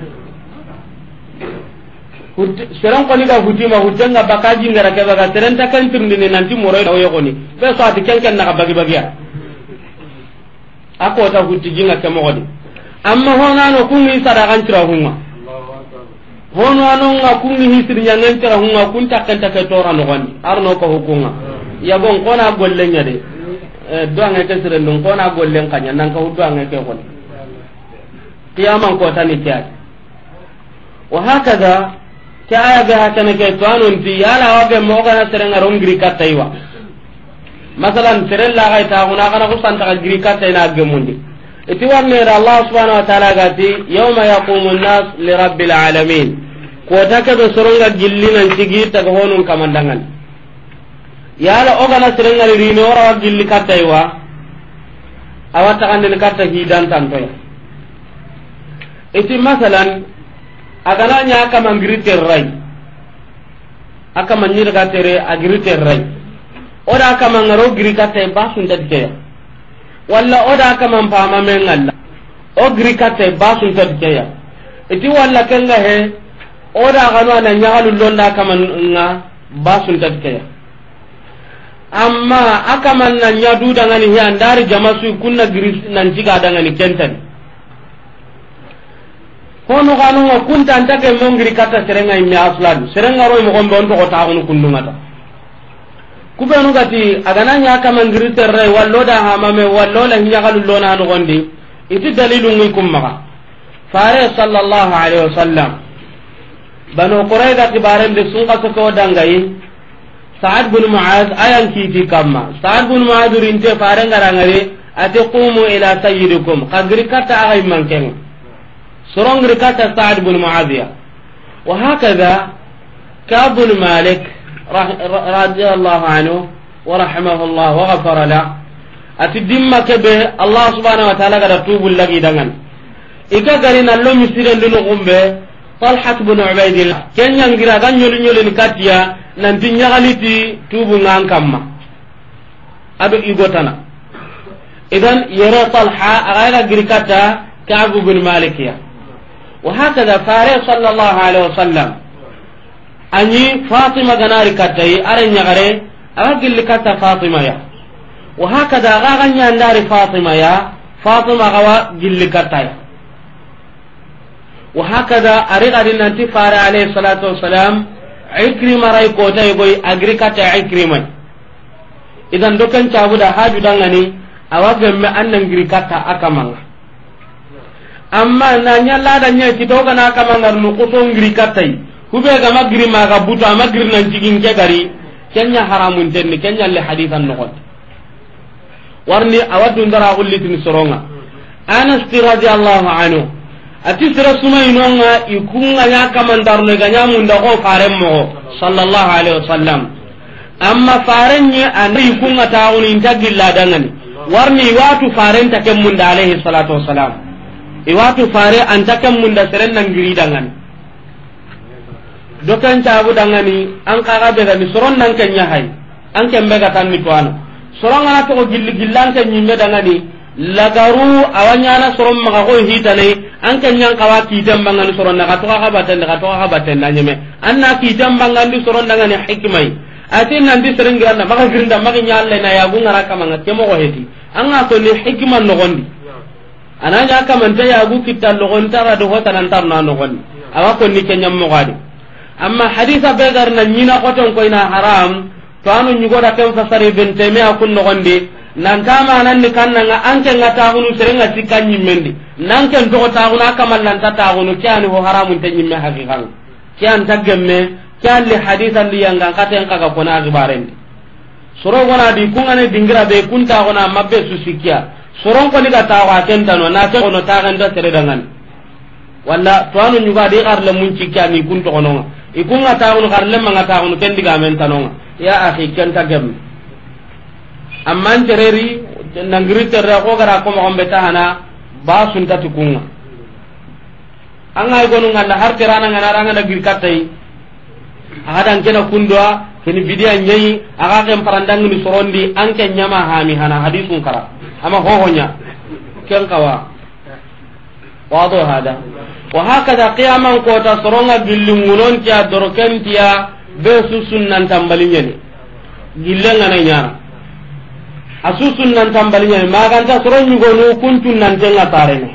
seren koni ga hutima huttenga baka jingara keɓaga serenta kentirndini nanti moroyao yogoni ɓe so ati kenken naxa bagi bagiya a kota hutti jinga ke moxoni amma kun honano kungi sadaxancira hunga hono anonga kungi hisirñangencira hunga kun ta ke tora noxondi arno ko hukunga yagon kona gollenña de eh, doange ke sirendun kona gollen kaña nanka hu doange ke xoni qiyaman kotani ke ati wa hakaza ke aya be hakene ke to anon ti yala wabe mo kana serenga rongri iwa. masalan la ga ta guna kana ko santa ga gri kataina gemundi iti warne ra allah subhanahu wa ta'ala gati yawma yaqumu an-nas li rabbil alamin ko ta ke be soronga gillinan tigi ta honun kamandangan yala o kana serenga ri no ra gilli kataiwa awata kan den katta hidan tantoya iti masalan agana nya kama ngiri terrai akama nyira ga tere agiri terrai oda kama ngaro giri ka te ba sun ta dike walla oda kama pama men o giri ka te ba sun ta dike ya iti wala kenga he oda gano na nyalu londa kama nga ba sun ta ya amma akama na nyadu dangani he andari jamasu kunna giri nan jiga dangani kentani hono kanu ko kunta anta ke mon giri kata serenga mi aslan serenga roy mo gombe on to ko taawun kundunga ta kube kubenu gati agana nya kama ngiri terre wallo da hamame wallo la nya galu lona do gondi iti dalilu ngi kumma fare sallallahu alaihi wasallam banu qurayda kibarem de sunga ko ko dangai sa'ad bin mu'az ayan kiti kamma sa'ad bin mu'az rinte fare ngarangare ate qumu ila sayyidikum kagri kata ay mankeng سرونغ ركات سعد بن معاذية وهكذا كاب مالك رضي الله عنه ورحمه الله وغفر له أتدمك به الله سبحانه وتعالى قد توب لك دغن إكا قرين اللهم يسيرن لنغم به طلحة بن عبيد الله كن ينقر أغن يلن يلن كاتيا ننتين يغلتي توب نغن كما أدو إيغوتنا إذن يرى طلحة أغير قرقاتا كعب بن مالك يا. وهكذا فاري صلى الله عليه وسلم أني فاطمة جناري كتاي أرني غري أرجل لكتا فاطمة يا وهكذا غاغني أنداري فاطمة يا فاطمة غوا جل كتاي وهكذا أريد أن أنت فاري عليه الصلاة والسلام عكرمة راي كوتاي بوي أجري كتا عكرمة إذا دوكن تابودا هاجو دانغني أواجه ما أنن جري كتا أكمل amma na nyalla da nya ti to kana kama ngar nu ko ngiri katai hube ga magri ma ga buta magri nan jigin ke gari kenya haramun den ni kenya warni awa dundaraa ullitin soronga anas radhiyallahu anhu ati sira suma inonga ikunga kama ndar ne ga nyamu nda ko faren mo sallallahu alaihi wasallam amma faren ni anai ikunga taawuni intagilla dangani warni watu faren ta munda alaihi salatu wasalam iwatu fare anta munda seren nan giri dangan dokan cabu dangani an kaga be ni soron nan kan ya hay an kan be tan mi tuano soron ana to gilli gillan kan nyimme dangani lagaru awanya na soron ma ko hitane an kan yang kawa ki jambangan soron na katoka ka baten na katoka ka baten na nyeme an na ki jambangan ni soron dangani hikmai atin nan di seren giranna maka girinda maka nyalle na ya gunga raka kemo ko heti an na to ni hikman no gondi ananya kamanta yagu kitta logon tara do hota nan tar nan logon awa ko ni kenyam mo gadi amma hadisa be gar nan nyina koton ko ina haram to anu nyugo da kan fasari bin teme akun logon de nan kama nan ni kan nan an ken ngata hunu serenga sikan nyimendi nan ken to ta huna kamal nan ta ta hunu kyani ho haramun te nyimme hakikan kyan tagamme kyan li haditha li yanga katen kaga kona gibarendi soro gona di kungane dingira be kunta gona mabbe susikia soron ni ga tawa kentano nate kono taxenta seredangan walla toanu ñugadi xarle mun kunto ikun toxononga ikunga taxunu xarle manga taxunu ken men tanonga ya ken ta gem amman tereri nangri tere ko gara ko mbeta hana ba ta kunga anga e gonu ngala har terana ngana ranga da girkatai kena kundwa kini vidia nyai aga kem parandang ni sorondi anke nyama hami hana hadisun kara ama hohonya ken kawa wado hada wa hakada qiyaman kota soronga gillingunon tiya doroken tiya be susun nan tambalinyani gillenga na nyara asusun nan tambalinyani maganta soron nyugonu kuntun nan tenga tarene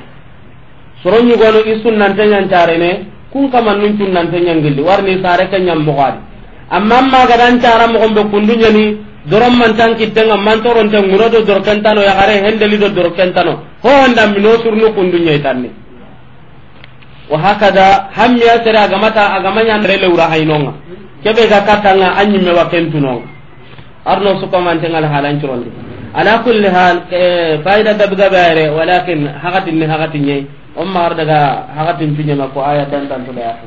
soron nyugonu isun nan tenga tarene kun kama nun tun nan tenga ngilli warni sare kanyam mogadi amma maga dan cara mo gombe kundunyani doron man tan kittenga man toron tan muro do dor kentano ya gare hendeli do dor kentano ho onda mino surnu kundunya itanni wa hakada hamya sera agamata agamanya rele ura hainonga kebe ga katanga anyi mewa kentuno arno suka man tengal halan churondi ala kulli hal faida dabga bare walakin hakatin ni hakatin nyai umma har daga hakatin tunya ma ko ayatan tan to ya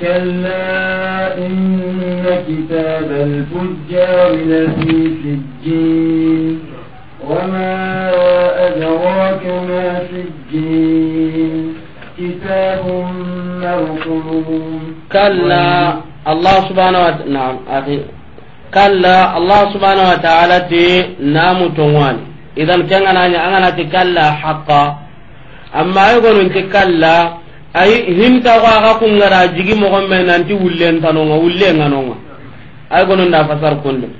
كلا إن كتاب الفجار لفي سجين وما أدراك ما سجين كتاب مرقوم كلا الله سبحانه وتعالى نعم أخي كلا الله سبحانه وتعالى نام تنوان إذا كان أنا أنا تكلا حقا أما يقولون كلا ay hinta ko aga kun ngara jigi mo gombe nanti wullen tanonga wullen ngo ay gono nda fasar kullu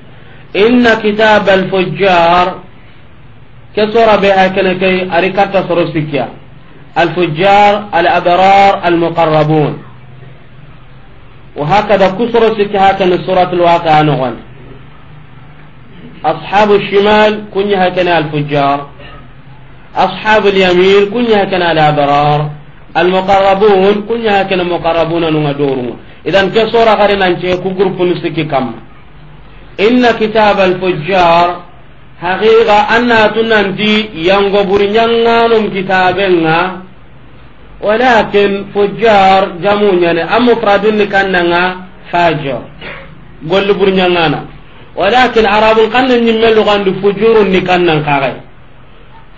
inna kitab al fujjar ke sura be hakene kay ari katta soro sikya al fujjar al abrar al muqarrabun wa hakada kusura sikya kana surat al waqi'a nogon ashabu shimal kunya kana al fujjar ashabu al yamin kunya kana al abrar almuqarrabun kunya kana muqarrabuna nunga dorunga idan ke sora gare nan ce ku groupe ni sikki kam inna kitab al-fujjar haqiqa anna tunanti yango buri nyanganum kitabenga walakin fujjar jamu amu amufradun ni kannanga fajr gollu buri nyangana walakin arabun kannan nyimmelu gandu fujurun ni kannan kare.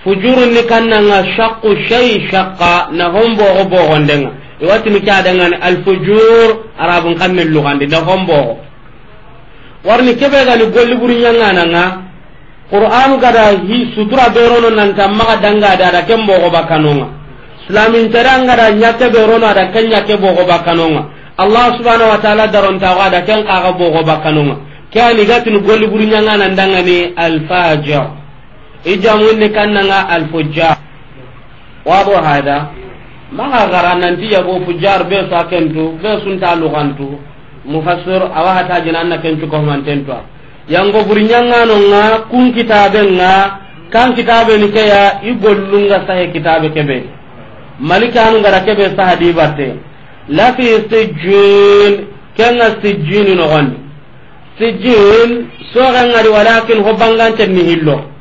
fujuru ni kannanga shaqqu shay shaqqa na hombo go bo gondenga iwati mi ka danga al fujur arabun kamme lugande na hombo warni kebe ga ni golli buru nyanga nanga qur'anu gada hi sutura berono nan tamma ga danga da da kembo go bakanonga islamin taranga da nyake berono da kenya ke bo go bakanonga allah subhanahu wa ta'ala daron tawa da ken ka go bo go bakanonga kani gatin golli buru nyanga nan danga ni al fajir ijamunni kannanga alfujjar wado hada maga gara nanti yago fujjar be sa kentu be sunta lugantu mufassir awa hata jinanna kentu ko mantentwa yango burinyangano nga kun kitabe nga kan kitabe ni kaya igollunga sahe kitabe kebe malikanu ngara kebe sahadi batte lafi sijjin kenga sijjin no gondi sijjin so ngari walakin ho bangante ni hillo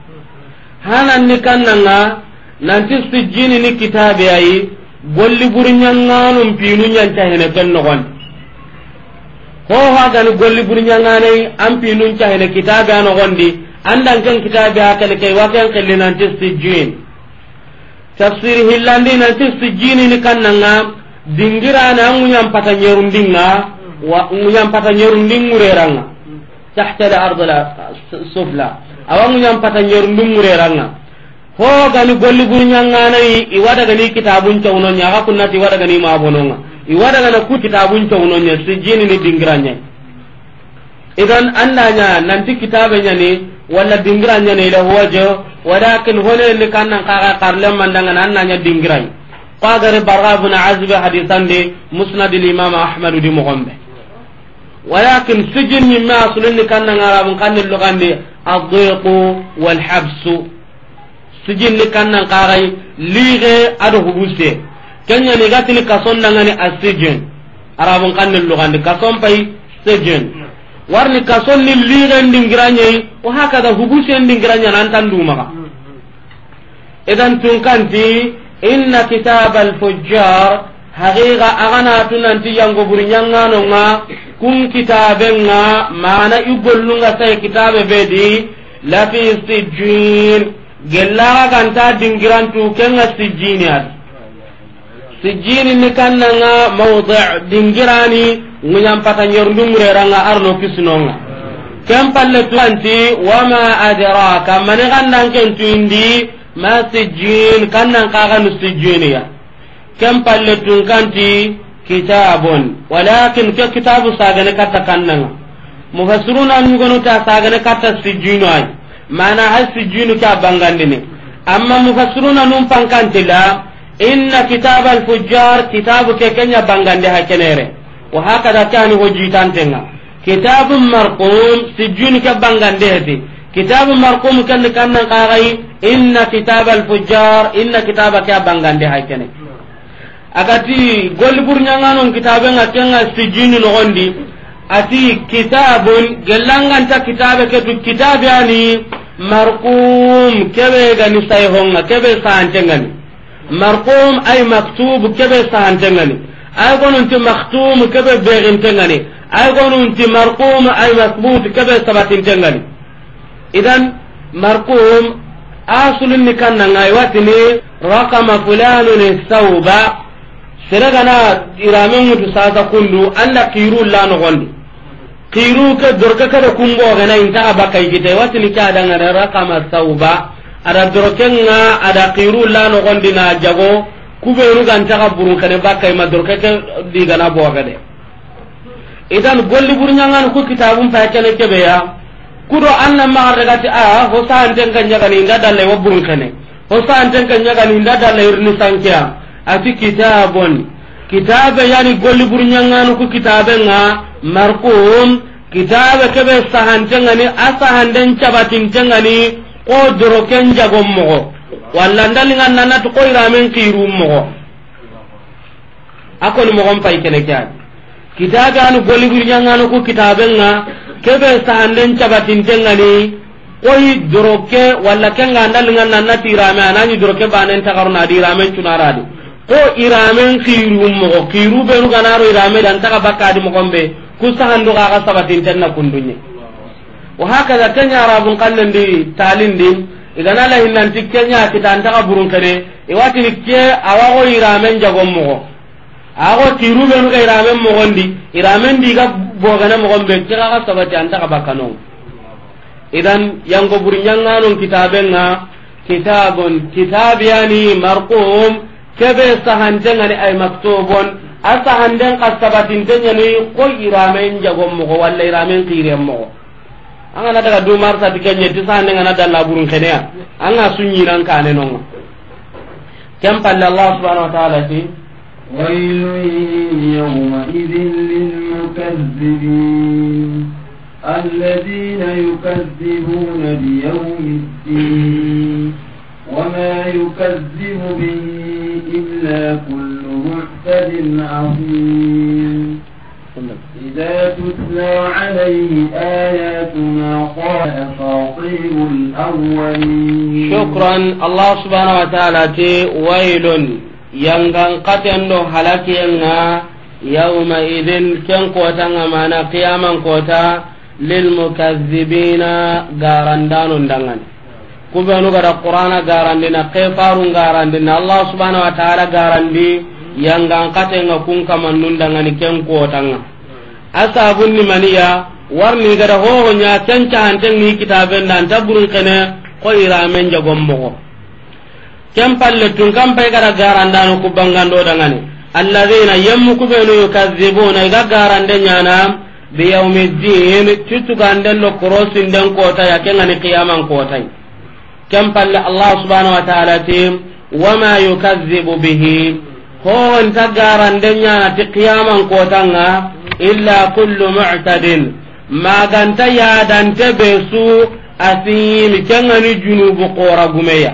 hanan ni kannanga nanti jini ni kitabe ayi golli buri ñanganum pinu ñancahene ken nogondi hohagani golli buri ñanganai an pinun cahene kitabe a nogondi andan ken kitabe a kele kei waken kelli nanti sijjin tafsir hillandi nanti jini ni kannanga dingirani an ŋuñan pata ñerundinga ŋuñan pata ñerundin ŋureranga tahta al ard sufla awa munyam pata nyorndum ranga ho gani golli burnyangana yi iwada gani kitabun to nya ga kunna ti wada gani mabononga iwada gani ku kitabun cawno nya sijini ni dingranya idan annanya nanti kitabenya ni wala dingranya ni lahu wajo walakin hole ni kannan kaga karle mandanga annanya dingranya qagare barabuna azbi azib de musnad al imam ahmad di mugambe walakin sijin min ma asulin kan kanna arabun kan lugande adhiqu wal habsu sijinni kannan kaxay liixe a sijin arabun kanni lugandi kason warni kason ni liixe ndingiranyei wa hakada hubuse idan tunkanti inna kitab haqiqa agana tunanti yango buri nyangano nga kun kitabe nga mana igollunga sai kitabe bedi lafi sijjin gellaga ganta dingirantu kenga sijjini ad sijin ni kan kannanga mawdi dingirani ngunyam pata nyerndumure ranga arno kisnonga kem palle tuanti wama adraka mani kandan kentu indi ma sijjin kannan kaga nu sijjiniya kem palle tun kanti kitabun walakin ke kitabu sagane katta kannanga mufassiruna nyugonu ta sagane katta sijjinu ay mana has sijjinu ka bangandini amma mufassiruna num pankantila inna kitaaba al fujjar kitabu ke kenya bangande hakenere wa hakada kani hojitantenga kitabun marqum sijjinu ka bangande hedi kitabun marqum kan kannan qagai inna kitaaba al fujjar inna kitaba ka bangande hakenere agati golliburñanganon kitabe nga kenga sijini nogondi ati kitabun gellanganta kitabe ketu kitabe ani marqum kebe gani sayhonga kebe sahantengani marqum ay maktub kebe sahantengani ay gonunti maktum kebe begintengani ay gonunti marqum ay masbut kebe sabatintengani idan marqum asulunni kannanga iwatini rakama fulanun thawba sere gana irame mutu sasa kundu anda kiru la no gondi kiru ke dorka kada kumbo gana inta abakai gite watini ka danga na rakama sauba ada dorkenga ada kiru la no gondi na jago kuberu gan taga burun kane bakai ma dorka ke digana bo gade idan golli burnyangan ku kitabun fa kene kebe ya kudo anna ma daga ti a ah, ho sa anten kan nyaga ni ndada wa wo burun kane ho sa anten kan nyaga ni irni sankiya ati kitabun kitabe yani golli burnyanganu ku kitabe nga marqum kitabe kebe sahantengani asahanden cabatintengani ko doroken jagon mogo walla ndalingan nanati ko iramen kirum mogo akoni mogon pay kene ke ani kitabe anu golli burnyanganu ku kitabe nga kebe sahanden cabatintengani koyi doroke walla kenga ndalingan nanati irame anani doroke banen tagaruna adi iramen cunaradi ko iramen kiirum mogo kiiru benu ganaro irame dan taga bakkadi mogonɓe ku sahandu kaga sabatinten na kundunye wa hakaza kenya arabun kallendi talindi igana la hinnanti kenya kita antaga burun kene iwatini ke awago iramen jagon mogo ago be benu ga iramen mogondi iramen diga bogane mogonɓe ke kaga sabati antaga no idan go yango buri ñanganon kitabenga kitabun kitabiyani marqum kebe sahantengani ay maktubun a sahanden ka sabatintenyani ko iramen jagon mogo walla iramen kiren mogo an gana du dumar sati kenye ti sahanden gana dalla burun keneya an ga sun yiran kane nonga kem palle allah subhanahu wa ta'ala ti ويل يومئذ للمكذبين الذين يكذبون بيوم الدين وما يكذب به إلا كل معتد عظيم إذا تتلى عليه آياتنا قال أساطير الأولين شكرا الله سبحانه وتعالى ويل yangan katen do halakenga yauma idin ken kotanga mana qiyaman kota lilmukazzibina garandanun dangani kubenu gada qur'ana garandina kefaru na allah subhanahu wa ta'ala garandi yangan katenga kun kamannundangani ken kotanga asabunni maniya warni gada hohonya kencahantengi kitabenda anta burun kene ko iramen jagommogo ken palle tun kampai gada garandano kubbangandodangani alladhina yemmu kubenu yukazibuna iga garande ñana biyaumi ddin tituganden lo korosinden kotaya ngani qiyaman kotay كم قال الله سبحانه وتعالى تيم وما يكذب به هو انت قارن دنيا تقياما قوتنا إلا كل معتد ما كانت يا دانت بسو أثيم كان جنوب قورا قمية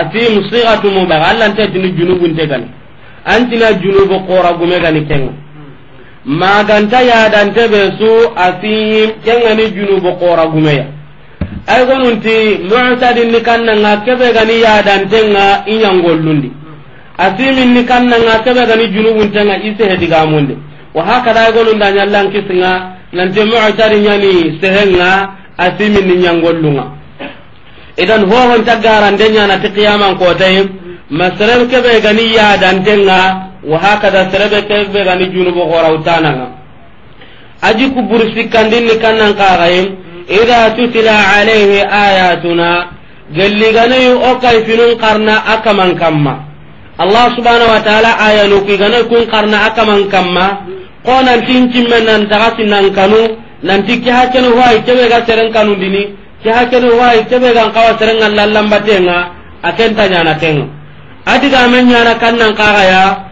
أثيم صيغة مبالغة ألا أنت جنوب انت antina junubu qora gume gani kenga maganta ya dante be su asim kenga ni junubu qora gume ya ay gonunti mu'tadin ni kannanga kebe gani ya yadantenga inyangollundi asimin ni kannanga kebe gani junubuntenga ise hedigamunde wa haka hakada ay gonunda nyallankisinga nanti mu'tadin yani sehenga asimin ni nyangollunga idan hohon tagarande nyana ti qiyaman kotay masrebe kebe gani yadantenga wa haka hakada serebe kebe gani junubu horawtananga aji ku bursikkandin ni kannan kaxaye ida tutila alayhi ayatuna gelliganayi o kayfinun karna akaman kamma allah subhanahu wa taala ayanukuiganayi kun karna akaman kamma ko nantin cimme nantaxasi nankanu nanti ke hakkene hoayi keɓe ga seren kanundini ke hakkene hoayi keɓe gan kawa serenga nyana akentañana kenga adigamen nyana kan nan kaxaya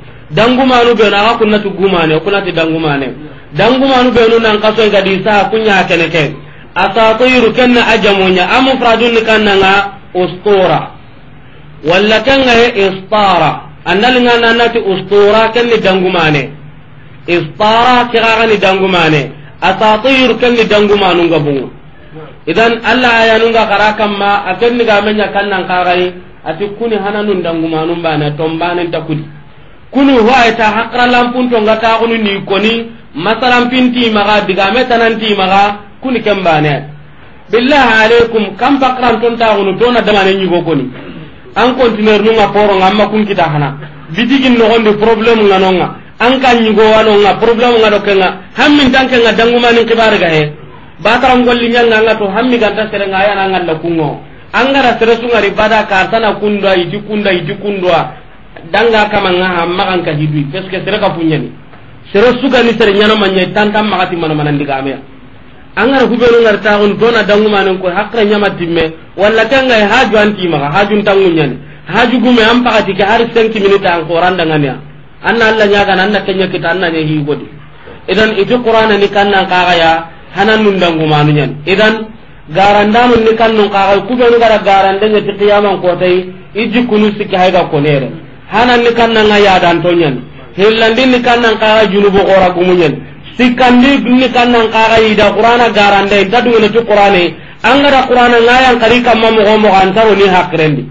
dangumanu benu aga kunnati gumane okunati dangumane dangumanu benu nan ga di sa kunya kene ke asatiru kenna ajamunya kanna nga ustura walla kenga he istara annalinga nanati ustura kenni dangumane istara kiragani dangumane asatiru kenni dangumanu bu idan allah ayanunga kara kamma akenni gamenya kannan kagani ati kuni hananun dangumanun bana tombanen takudi kuni hoayta hakralampuntonga taxunu ni koni diga masalanpintimaxa digametanantimaxa kuni kembaneat billahi alaikum kam pakranton taxunu tona damane ñigo koni an conteneur nunga poronga amma kun kita hana bitigin noxondi probléme nga nonga an ka ñigowanonga probléme nga nga dokenga hammin tankenga dangumanin xibariga he nga to hammi ganta serenga ayanangalla kungo angara seresungari bada ka kartana kunda iti kunda iti kundwa danga kamanga hamma kan ka hidui parce que sere ka funyani sere suka ni sere nyana manya tan tan magati mana mana ndiga amya angara ku beno ngar taun dona dangu manen ko hakra nyama timme walla kanga e ha juan ti maga ha jun tangu nyani ha ju gume am pakati ke har 5 minute an ko randa ngania anna alla nyaga nan nakenya kita anna ne hi godi idan itu qur'ana ni kanna kaga ya hanan nun dangu manu nyani idan garandanu ni kannu kaga ku beno gara garandanya ti qiyamang ko tay iji kunu sikka hay ga konere hananni kannanga yadantoñani hillandinni kannan kaga junubu kora gumunyen sikkandi ni kan kannan kaga ida qur'ana garande ta dungene ti qur'ane angara qur'ana ngayan kari kamma mogo mogo antaro ni hakrendi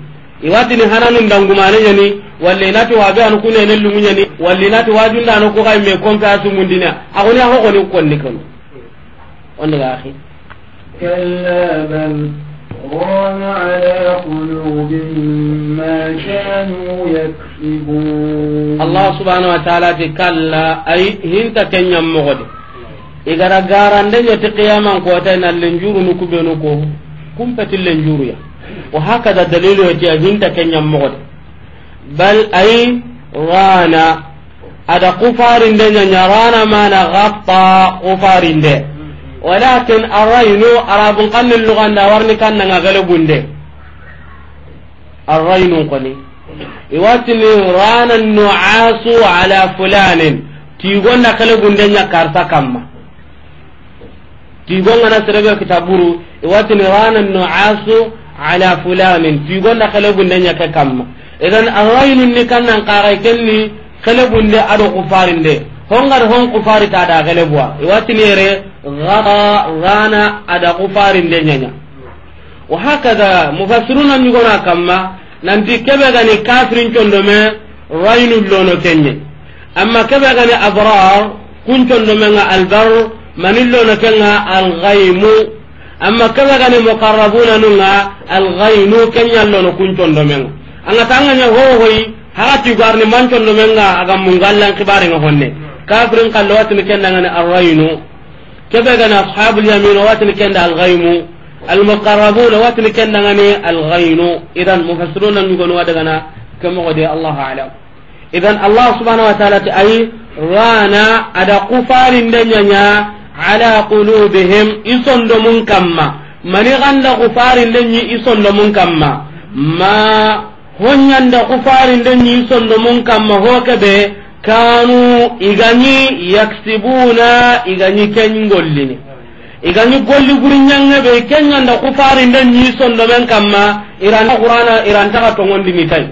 iwatini hananun dangumane nyani wallinati bi an kune ne lungu nyani wallinati wajunda anu ko me kayme kompasu mundina agoni aho koni konni kono onda ga akhi kalla bal ghana ala qulub kanu yaksibu Allah subhanahu wa ta'ala ti kalla ay hinta kenyam mogode igara garande yati qiyamam ko tay nal lenjuru nuku benu ko kumpati lenjuru ya kufarin de nya rana mana ghatta kufarin de walakin arainu arabul qanni a warni kan nga galabunde iwatini rana nuasu ala fulanin tigonna kala gundenya karta kamma tigongana serebe kitaburu iwatini rana nuasu ala fulanin tigonna kala gundenya ke kamma idan arraynu ni kannan qaray kenni kala gunde ado kufarinde hongar hon kufari ta da gele bua ere gara rana ada kufarinde nyanya wa hakada mufassiruna nyugona kamma nanti kebe gani kafirin condome rainu lono kenye amma kebe gani abrar kun condome nga albar manin lono kenga alghaimu amma kebe gani muqarrabuna nunga alghainu kenya lono kun condome nga anga tanga nya ho hoyi hakati garni man condome nga aga mungallan kibare nga honne kafirin kallo watni kenda ngani arrainu kebe gani ashabul yamin watni kenda alghaimu المقربون واتل كندغني الغين اذا مفسرون نقول ودغنا كما قد الله اعلم اذا الله سبحانه وتعالى اي رانا ادا كفار الدنيا على قلوبهم يصندمون كما من غند كفار الدنيا يصندمون كما ما honyanda kufarinde ñisondo mun هو كبه كانوا igani يكسبون igani كنغولين igani golli guri nyanga be kenya nda fari nda son do ben kamma iran qur'ana iranta ka tongondi mitai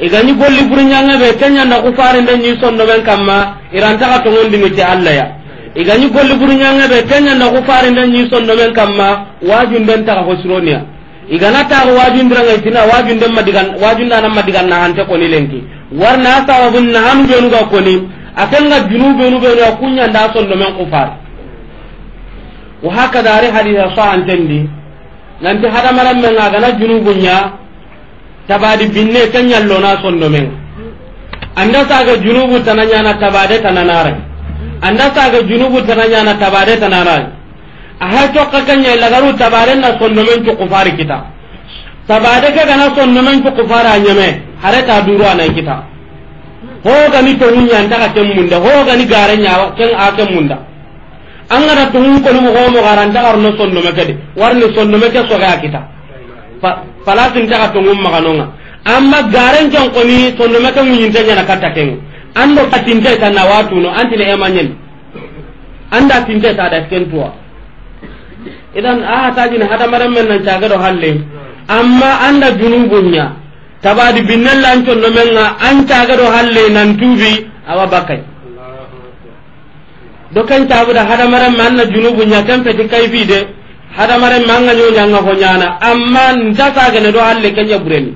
igani golli guri nyanga be kenya nda fari nda son do ben kamma iranta ka tongondi mitai allah ya igani golli guri nyanga be kenya nda fari nda son do ben kamma waju den ta ko sironia igana ta ko wajun ngai tina waju den madigan waju nda nan madigan na hante ko ni lenki warna sawabun na hamdun ga ko ni akenga junubenu ya kunya nda do men fari. wa hakada ari hadisa so antendi nanti hadamaren men agana junubunya tabadi binne son sondo men anda sa saga junubu tananyana tabade tananare anda sa saga junubu tananyana tabade tananare ka cokka la garu tabare na sondo men ku kufari kita tabade ke gana sondo men cu kufari anyame hare ta duru anai kita ho ni to munya anda ka munda ho ni garenya ken a munda. an angana tungum kono mogo mo garanta arno sonno mekede warni sonno meke soga kita palasin taga tungum maganonga amma garen jan koni sonno meke munyinte nyana katta kengu ando katinte tanna watuno antine emanyen anda tinte ta da tuwa idan a ah, hatajin hada maran men nan caga do halle amma anda junubunya tabadi binnel lan tonno menga an caga do halle nan tubi awa bakai do kan tabuda hadamaren man na junubu nya kan peti kayfi de hadamaren man nga nyonya nga ho nyana amma nda sage ne do halle ya bureni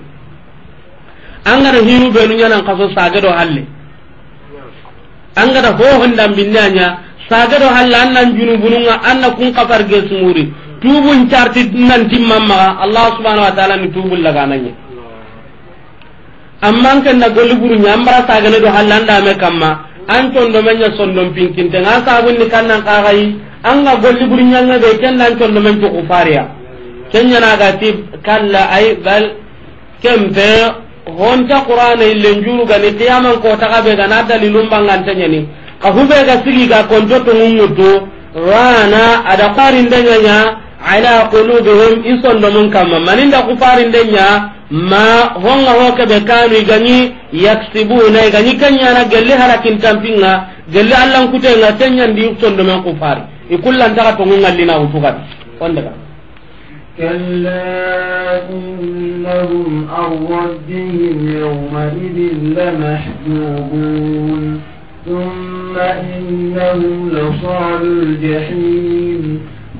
ga hinu benu nyana kaso sage do halle ga ho honda binnanya sage do halle annan junubu nga na kun kafar gesmuri tubun charti nan timmamma allah subhanahu wa ta'ala ni tubul lagananya amma kan na golli burunya ambara sage ne do halle anda me kamma anton do menya sondon pinkin nga sabun ni kannan kagai an ga golli buri nyanga be ken ton do men ko fariya kenya na ga tib kalla ay bal kempe honta qur'ana illen juru ga ni qiyaman ko ta ga be ga na dalilum bangan tanya ni ka hube ga sigi ga konto to ngungudo rana ada parin denganya ala qulubihim isondo mun kamma maninda kufarin denya ma honga hoke be kanu gani yaksibuna gani kanya na gelle harakin tampinga gelle allan kute nga tenya ndi isondo men kufari ikullan taka to ngunga lina utukat onda ka كلا إنهم عن ربهم يومئذ لمحجوبون ثم إنهم لصال الجحيم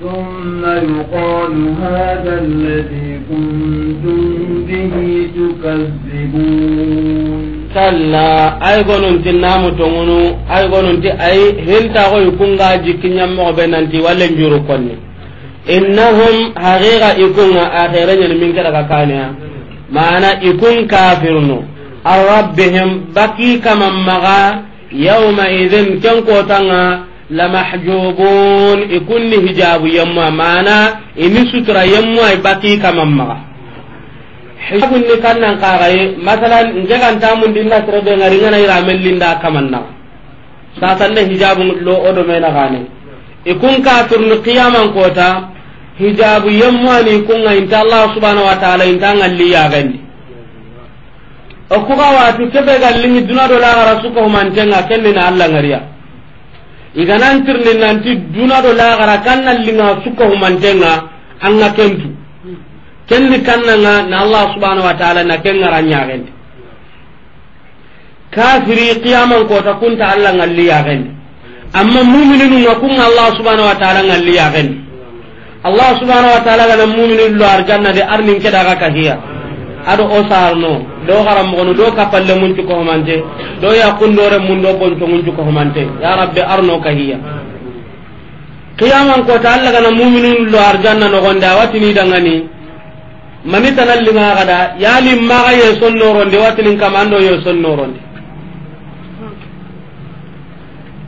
ثم يقال هذا الذي كنتم به تكذبون كلا أي قنون تنام تغنو أي قنون أي هنتا يكون غاجك نمو بنانتي ولن يرقني إنهم حقيقة يكون آخرين من كده كانيا معنى يكون كافرون ربهم بكي كما مغا يومئذ كنكو تنغا lamahjubun ikunni hijabu yamma mana ini sutura yamma ibaki kamamma hijabun ni kannan qaraye masalan njagan tamun dinna trebe ngaringa na iramen linda kamanna sasanne hijabun lo odo mena gane ikun ka turnu qiyaman kota hijabu yamma ni kun kunga inta allah subhanahu wa ta'ala inta ngalli ya gandi okuga watu kebe gallingi dunado la gara suko mantenga kenne na allah ngariya iganantirni nanti duna do kan na linga sukka humantenga anga kentu kenni kan na allah subhanahu wa ta'ala na kengara nyagende kafiri qiyaman kota kunta allah ngalli yagende amma kun ngakunga allah subhanahu wa ta'ala ngalli yagende allah subhanahu wa ta'ala gana mu'minin lo arjanna de da kedaga kahiya ado o sarno do garam gono do kapalle mun ci ko homante do ya kundore mun do bon to mun ko homante ya rabbi arno kahiya qiyaman ko ta Allah kana mu'minun lo arjanna no gonda watini dangani mani tanallinga gada yali maga ye sonnoronde watinin kamando ye sonnoronde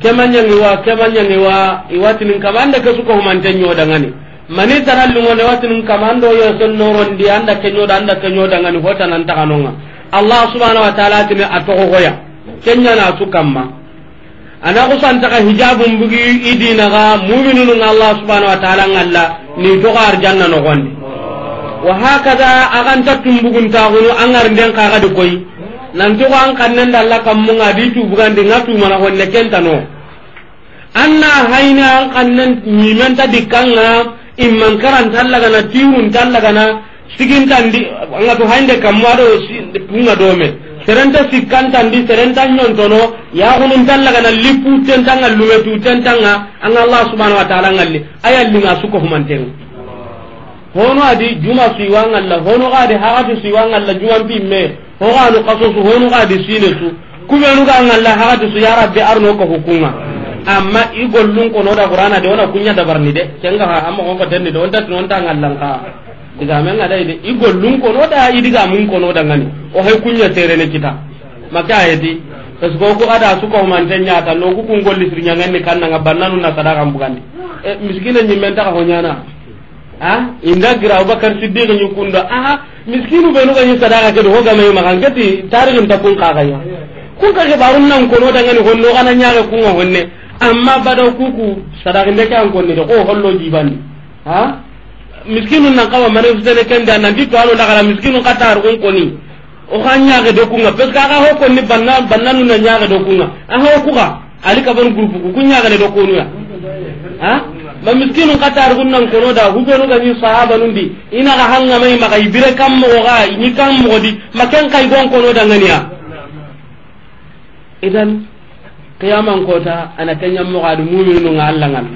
kemanyangiwa kemanyangiwa iwatinin kamanda kesuko humante ngani. mani watin kamando yo ando yeson norondi anda kenyoda anda kenyodangani hotanantaganonga allah subhanahu wa taala tini a kenya na su kamma ana kusantaka hijabun bugi idinaga na allah subhanahu wa taala ngalla ni togo arjanna gonni wa hakada den ka angarnden kagadi koyi nanti ko an tu bugan kammunga adi tubugandi mana tumana kenta no anna hayna an kannen ñimenta dikkanga imman karan tallaga na tiwun tallaga na sigin tandi anga to hande kamado punga dome serenta sikkan tandi serenta tono ya hunun tallaga na lipu tentanga tu tentanga anga allah subhanahu wa ta'ala ngalli aya linga suko humanteng hono adi juma siwang allah hono adi hagatu siwang allah juma pimme hoga anu qasosu hono adi sinesu kumenu ga ngalla hagatu su ya rabbi arno ko hukuma amma i gollun kono da qur'ana de ona kunya da barni de kenga ha amma ko den de on ta non ta ngallan ka diga men ngada ide i gollun kono da i diga mun da ngani o hay kunya tere ne kita maka ayati tas go ada su ko man tan nyata no ku kun golli sirnya ngani kan nga bannanu na sadaka mbugandi e miskina ni men ta honyana ha inda gira abubakar siddiq ni kunda aha miskinu be no ga ni sadaka ke do ga me magangati tarihin ta kun ka ga ya kun ka ke barun nan da ngani honno kana nyaga kun honne amma badaw kuku sadakinde ke an konni de ko hollo jibandi ha miskinu nan kawa mane fusene kende nanti to alo dagala miskinu qatar kun koni o ka ñaage do kunga parce que aga ho konni banna banna nu na ñaage do kunga a ho kuga ali ka ban groupe ku ñaage do kunu ya ha ma miskinu qatar kun nan kono da hu ga ni sahaba nun di ina ga hanga mai maka ibire kam mo ga ni kam mo di ken kai gon kono da ngania idan qiyaman kota ana kenya mogadi muminu nga allah ngal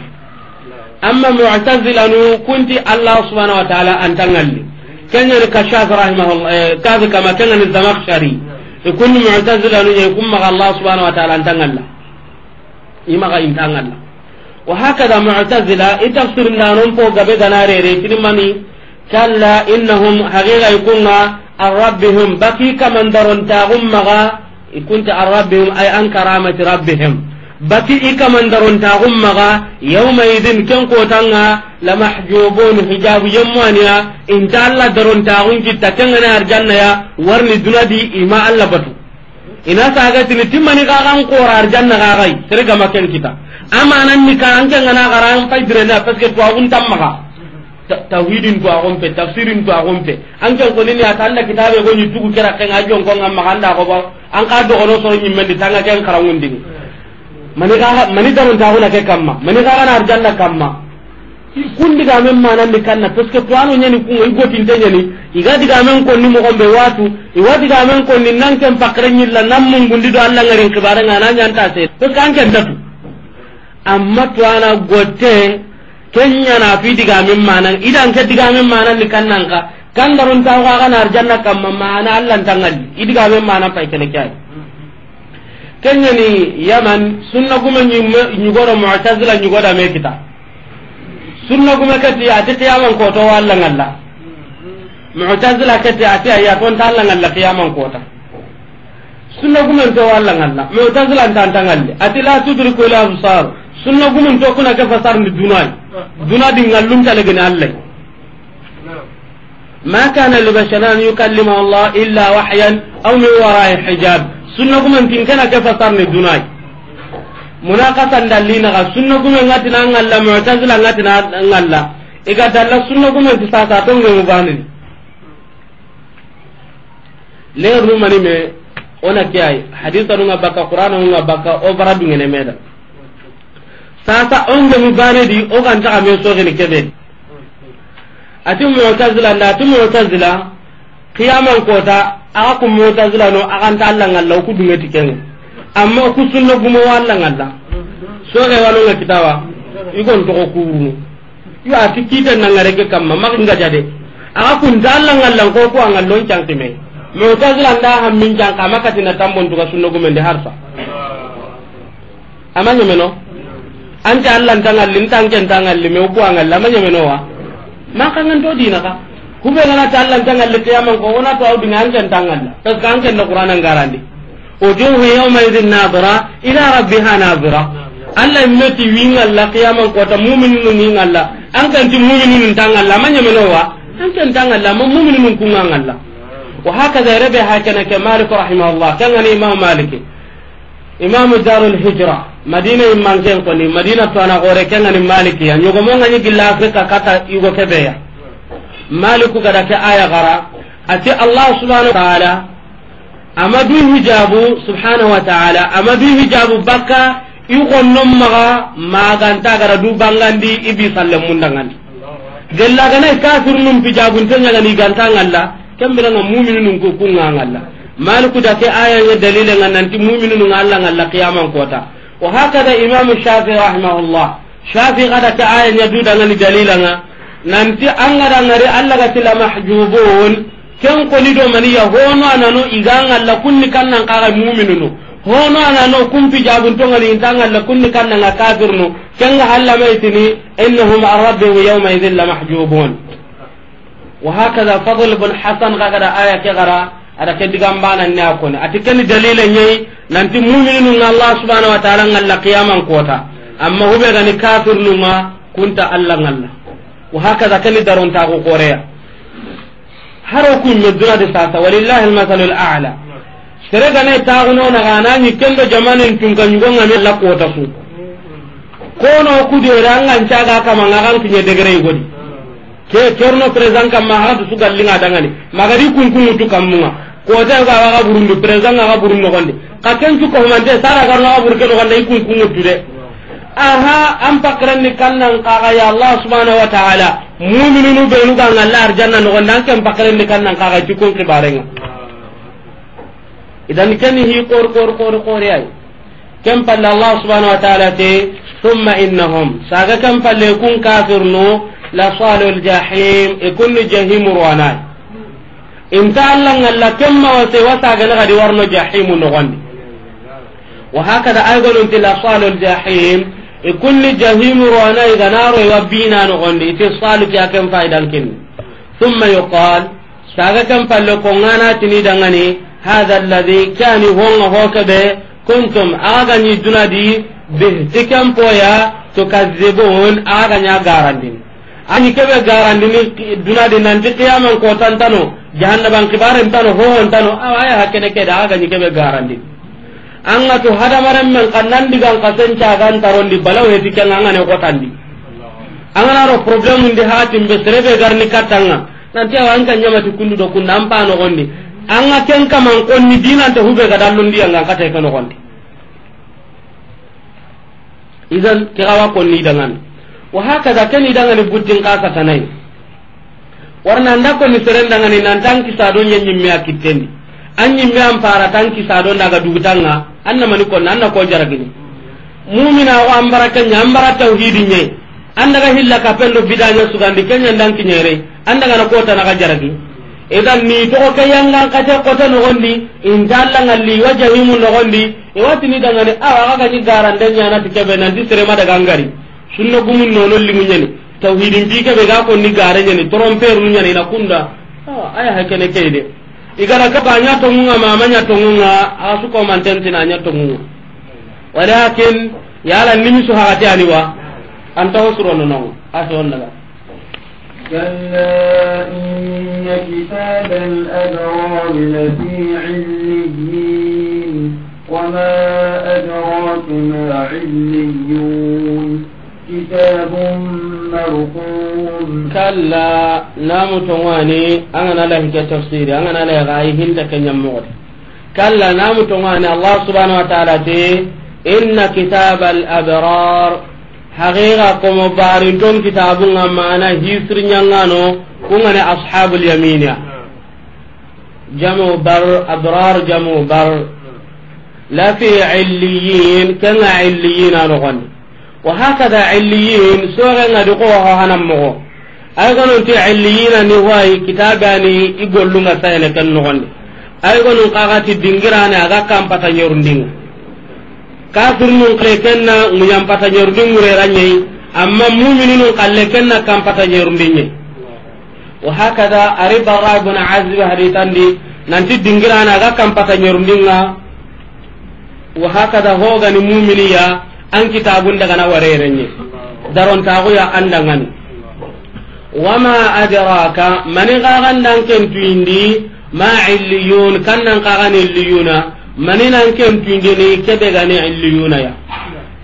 amma mu'tazila nu kunti allah subhanahu wa ta'ala antangalli kenya ni kashaf rahimahullah eh, kazi kama kenya ni zamakhshari ikun mu'tazila nu yakum ma allah subhanahu wa ta'ala antangalla ima ga intangalla wa hakada mu'tazila itafsir nanon po gabe ganare re tinmani kalla innahum haqiqa ikunna arrabbihum baki kaman daron tagum maga ikunta an rabbihim ay an karamati rabbihim baki ikamandarontaxum maxa yaumaidin ken kotanga lamahjubun hijabu yemmaniya inta allah darontaxun na kengene arjannaya warni dunadi ima allah batu ina sagatini timmani xaxan kora arjanna xaxay seregama ken kita amananni ka an kengana xara an faydirena na que tuwaxuntan maxa tawhidin to agon pe tafsirin to agon pe an kan ko ni ata Allah kitabe ko ni tugu kera kan ajon ko ngam makanda ko ba an ka do gono soro nyimme di tanga kan karangun dingi mani ka mani da mun na ke kamma mani ka kana arjanna kamma kundi ga men manan ni kanna parce que to anu nyani ku igo tinte nyani iga diga men ko ni mo gombe watu iwa diga men ko ni nan kan pakre nyilla nan mun gundi do Allah ngarin kibare ngana nyanta se to kan kan tatu amma to ana gote kenya na fi diga min manan idan ke diga min manan ni kannan ka kan darun ta ga kana arjanna kan, kan mana Allah tangal idiga min manan pai kenya ni yaman sunna kuma ni goro mu'tazila ni goda me kita sunna kuma kati ati yaman ko to wallan Allah mu'tazila kati ati ya ton ta Allah Allah yaman ko ta sunna kuma to wallan Allah mu'tazila tan tangal ati la tudriku la absar sunna gumun to kuna ke fasar ni dunai duna di ngallum tale gina allah ma kana li basharan yukallimu allah illa wahyan aw min wara'i hijab sunna gumun tin kana ke fasar ni dunai munaqatan dallina ga sunna gumun ngati na ngalla mu'tazila ngati na ngalla iga dalla sunna gumun ti sasa to ngum banin leer nu mani me ona kiyai hadisa nu nga baka qur'ana nu nga baka o bara dungene meda sasa ongomi banedi oganta kame ni kebe ati mutazila na ati mutazila kiyaman kota aga ku mutazila no ta allah ngalla ku dunga tiken amma ku sunna gumo allah ngalla soge na kitawa igon ko ku yu ati kiten nangareke kamma nga jade aga kunta allah ngalla ko ku angallon cankime mutazila nda hammin canka to ka sunna harfa amanyo meno anta allah ntangalli ntanke ntangalli me ku angalli ama ñamenowa ma kangan to dina ka kube na ta allah ntangalli qiyaman ko wona to awdinga anke ntangalla parce que anke nda qur'ana ngarandi wujuhu yawma idin nadira ila rabbiha nadira allah meti wingalla qiyaman kota muminin nun ingalla ankanti muminin an kan ama ñamenowa anke ntangalla ama muminin nun kungangalla wa hakaza rebe na ke malik rahimahullah kangani imam maliki imam darul hijrah. madina imman ken koni madina to ana gore ken ni maliki ya nyogo mo ngani gilla afrika kata igo kebe ya maliku gada ke aya gara ati allah subhanahu wa ta'ala amadu hijabu subhanahu wa ta'ala amadu hijabu bakka igo nommaga maganta gara du bangandi ibi sallem mundangandi gella gana kafir num hijabu tenya ngani ganta ngalla kembira ngam mu'minun ko kunga ngalla maliku da ke aya ne dalile ngananti mu'minun ngalla ngalla qiyamang kota wa haka da imam mu shafi arba'in rahmatulah shafi arba'in rahmatulah ake ake ɗuɗa ga ni dalila nanti an ga da nari an laka si lamacjubowon kai ko Lido manika ko Nawa na nu in kunni kan kare muminu ko Nawa na nu kunfi to ne in kan kunni kan na kafirnu kai an lamai sini in huma a radai yan mai ni lamacjubowon wa haka da Fakal bun Hassan kakada ake ada ke digambana ne akoni ati keni dalile nyai nanti mu'minun Allah subhanahu wa ta'ala ngalla qiyamam kota amma hube gani kafir numa kunta Allah ngalla wahakaza keni ken daron ta ko korea haro kun yedura de sasa walillahi almasalul a'la sere gane ta gono na gana ni kendo jamanin tun kan gonga ne la kota su kono kudera ngan caga kama ngakan kinye degre godi ke corno président kam ma hadu su gallinga dangani magari kun kun mutu kam mu kammunga kota ga waga burundu président ga burundu gonde ka ken su ko mande sara garno ga burke do gonde kun kun mutu de aha am pakran ni kan kannan kaga ya allah subhanahu wa ta'ala mu'minunu be nu ga ngalla arjanna no gonde an kan pakran ni ka kaga ci kun kibarenga idan ken hi kor kor kor kor ay ken palle allah subhanahu wa ta'ala te thumma innahum saga kan palle kun kafirnu لا الجحيم كل جهيم روانا انت الله الله كم وسي وسع غادي ورنا جحيم نغني وهكذا ايضا انت لا صال الجحيم كل جهيم روانا اذا نار وبينا نغني اتصال يا كم فايدا كن ثم يقال ساغا كم فالقونانا تني دغني هذا الذي كان هو هكذا كنتم اغاني دنادي به تكم بويا تكذبون اغاني غارندين ani kebe garandini dunadi nanti qiyaman kotantano jahannaban kibarentano hohontano awaya hakkene da aga ni kebe garandini anga to hadamaren men kannan digan kasen cagan tarondi balaw heti kenga anga ne kotandi anga naro problem ndi hatim be serebe garni katanga nanti awan kan nyama tukundu do kunna ampa no gondi anga ken kaman konni dinante hube ga dallundi anga kata kano gondi idan kirawa konni dangan wa hakaza keni dangani guttin kasa tanai warna nda ko ni seren dangani nan tanki sado nyenyi mi akitendi anyi mi ampara tanki sado daga dugutanga anna mani ko na ko jaragini mu'mina wa ambara kenya ambara tauhidi nyai ga hilla ka pendo bidanya sugandi kenya ndanki nyere andaga na ta na jaragi idan ni to ko kayanga ka ta kota no gondi indalla ngalli wajahimu no gondi e wati ni dangane awa ga ni garande nya na tikebe nan disere madaga ngari sunna gumun nono lingu nyani tauhidin bi ke be ga ko ni gare nyani tromper nu nyani na kunda aya ha kene kede igara ka banya to ngunga mama nya to ngunga asu ko manten tina nya to ngunga walakin yala nimi su ha ani wa anta usro no no aso on daga كلا إن كتاب الأبرار لفي عليين وما أدراك ما عليون كتاب مرقوم كلا نام تواني أنا له تفسيري أنا له هند كن يمور كلا نام تواني الله سبحانه وتعالى إن كتاب الأبرار حقيقة كم باردون كتابنا ما أنا هيسر كم أنا أصحاب اليمين جمو بر أبرار جمو بر لا في عليين كن عليين أنا غني wa hakada illiyin sore ngadi ko ho hanan mo ay gonon te illiyina ni wai kitabani igollunga sayene tan nogondi ay gonon kagati dingirane aga kampata nyorundinga kafir nun kale kenna ngunyam pata nyorundinga reranye amma mu'mininu kale kenna kampata nyorundinga wa hakada ariba rabbuna azza haditandi nanti dingirane aga kampata nyorundinga mu'miniya an kitabun daga na warerenye daron an dangan, wama adraka mani kagan dan kentuindi ma illiyun kannan kagan illiyuna mani nan kentuindi ni kebe gani illiyuna ya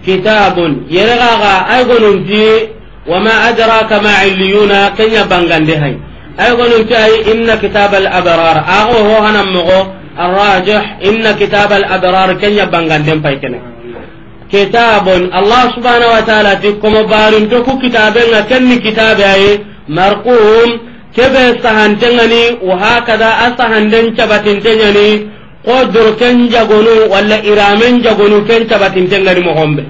kitabun yere kaga ay gonunti wama adraka ma illiyuna kenya bangande hay ay gonunti ay inna kitabal abrar ago ho hanan mogo الراجح إن كتاب الأبرار كن يبان غندم بايكنا kitabun allah subhanahu wa ta'ala ti komo barun to ku kitaben ga kenni kitabe ayi marqum kebe sahantengani wa hakada asahanden cabatintenyani qodur ken jagonu walla iramen jagonu ken hombe. mohombe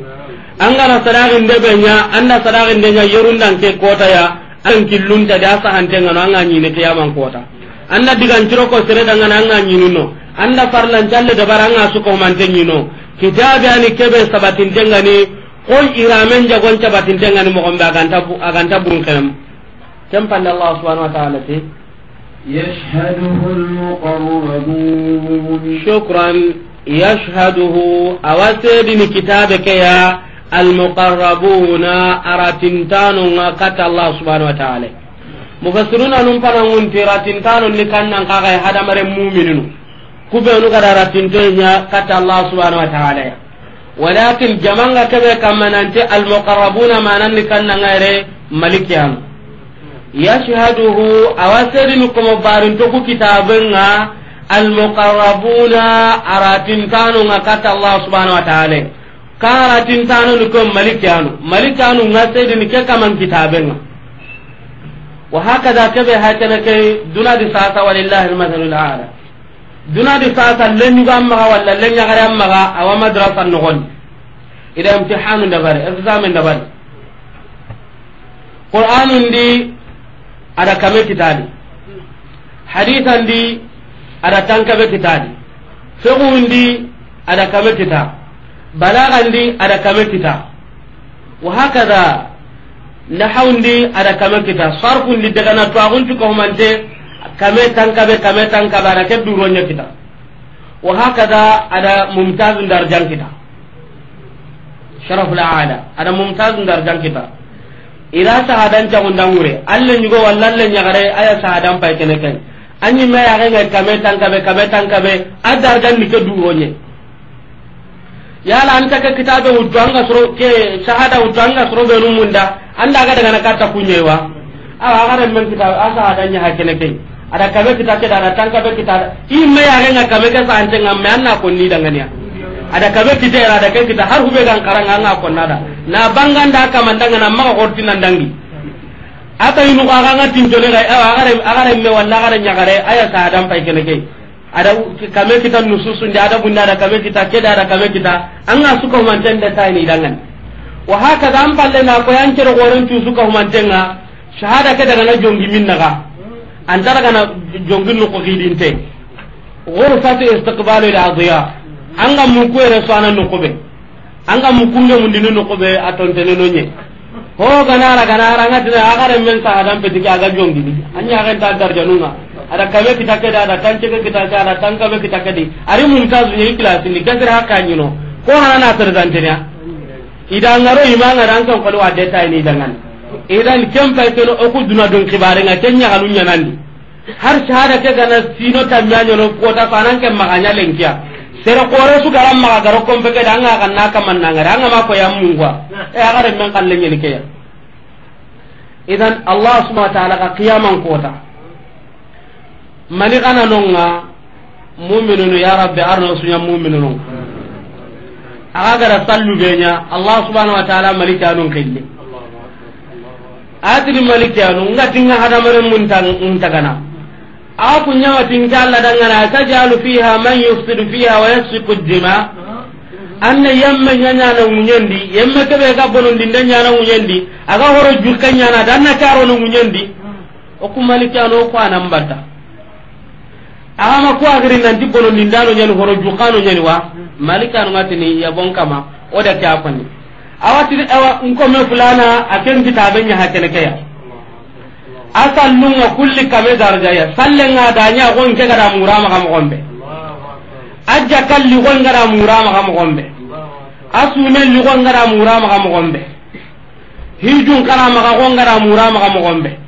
angana sadagin debe nya anna sadagin de nya yorundan ke kota ya an killunta da sahantengano anga nyine kiyaman kota anna digan ciro ko sere dangana anga nyinino anda parlan challe da baranga su ko mantenyino kitabe ani kebe sabatin dengani ko iramen jagon sabatin dengani mo gombe aganta aganta burun kenem kem pande allah subhanahu wa ta'ala ti yashhaduhu almuqarrabun shukran yashhaduhu awasedi ni kitabe keya almuqarrabuna aratintanu kata allah subhanahu wa ta'ala mufassiruna num pana ngunti ratintanu ni kannan kaga hadamare mu'mininu kubenu kada ratintonya kata allah subhanahu wa ta'ala ya walakin jamanga kebe kamanante almuqarrabuna mananni kannangare malikyan yashhaduhu awaserini komo barinto ku kitabenga almuqarrabuna aratintanonga kata allah subhanahu wa ta'ala ni ko malikyanu malikyanu nga sedini ke kaman kitabenga wa hakada kebe hakana ke dunadi sasa walillahi almathalu alala dunadi lenni ga amma wala lenya lenyagare amma ga awa madrasa gon ida imtihanu dabari examen dabari qur'an di ada kame kitadi hadisan di ada be kitadi fiqhun di ada kame kita balagha di ada kame kita wa hakada nahawun di ada kame kita daga na dagana twagun mante kame tanka be kame tanka bana ke nya kita wa hakada ada mumtazun darjan kita sharaful aala ada mumtazun darjan kita ira sahadan ca undang ure alle nyugo wallalle nya nyagare aya sahadan pai kene ken anyi me ya ngai kame tanka be kame tanka be ada darjan ni ke nya ya la anta ke kitabe udanga soro ke sahada udanga soro be numunda anda ga daga nakata kunyewa awa garen men kita asa adanya hakene keng ada kabe kita ke ada tangka be kita imme yare nga kabe ke sante ngamme anna ko ni dangania ada kabe kita ada ke kita har hube gang karanga nga ko nada na bangan da ka mandanga na ma ko tinan dangi ata inu ka nga tinjole ga awa agare agare me walla agare nyagare aya sa adam pai kene ke ada kame kita nususu nda ada bunda ada kame kita keda ada kame kita anga suka manten da tai ni dangan wa haka dan palle na ko yancere goren tu suka mantenga shahada ke daga na jongi min naga an tara kana jongi no ko hidin te ghurfatu istiqbalu al-adhiya an ga mun ko re sana no ko be an ga mun kunga mun dinu no ko be aton tene no nye ho ganara ganara ngatina agare men sa adam pe diga ka jongi ni anya ga ta darja nunga ada kabe kita ke da ada tanke ke kita ke ada ka be kita ke di ari mun ta zuye ikhlas ni gadra ka no. ko hana na tar dantenya ngaro imanga dan kan ko wa detail ni dangan idan kem fay to oku duna don kibare nga kenya halu nyanandi har shahada ke gana sino tamyanyo no kota fanan kem maganya lenkia sere kore su garam maga garo kombe ke danga kan na kaman nanga danga ma ko mun ngwa e eh, re men kan lenyen ke ya idan allah subhanahu wa ta'ala ka qiyaman kota mani kana nonga mu'minunu ya rabbi arno sunya mu'minunu aga gara sallu benya allah subhanahu wa ta'ala malika nun kille atiri malike anu nga tinga hadamare mun tagana a kunya wa tinga Allah dangana tajalu fiha man yufsidu fiha wa yasfiku dima anna yamma nyanya na munyendi yamma kebe ga bonon dinda nyana munyendi aga horo jukka nyana danna karo na munyendi o ku malike anu ko anambata ama ko agri nan dibono dindano nyani horo no nyani wa malika anu ngatini ya bonkama oda kya kwani awatini awa nkome fulana aken kitabe nya hakene kaya asal nunga kulli kame darja ya salle nga danya gon ke gara murama kam gombe ajja kalli gon gara murama kam gombe asune li gon gara murama kam gombe hijun kala ma gon gara murama kam gombe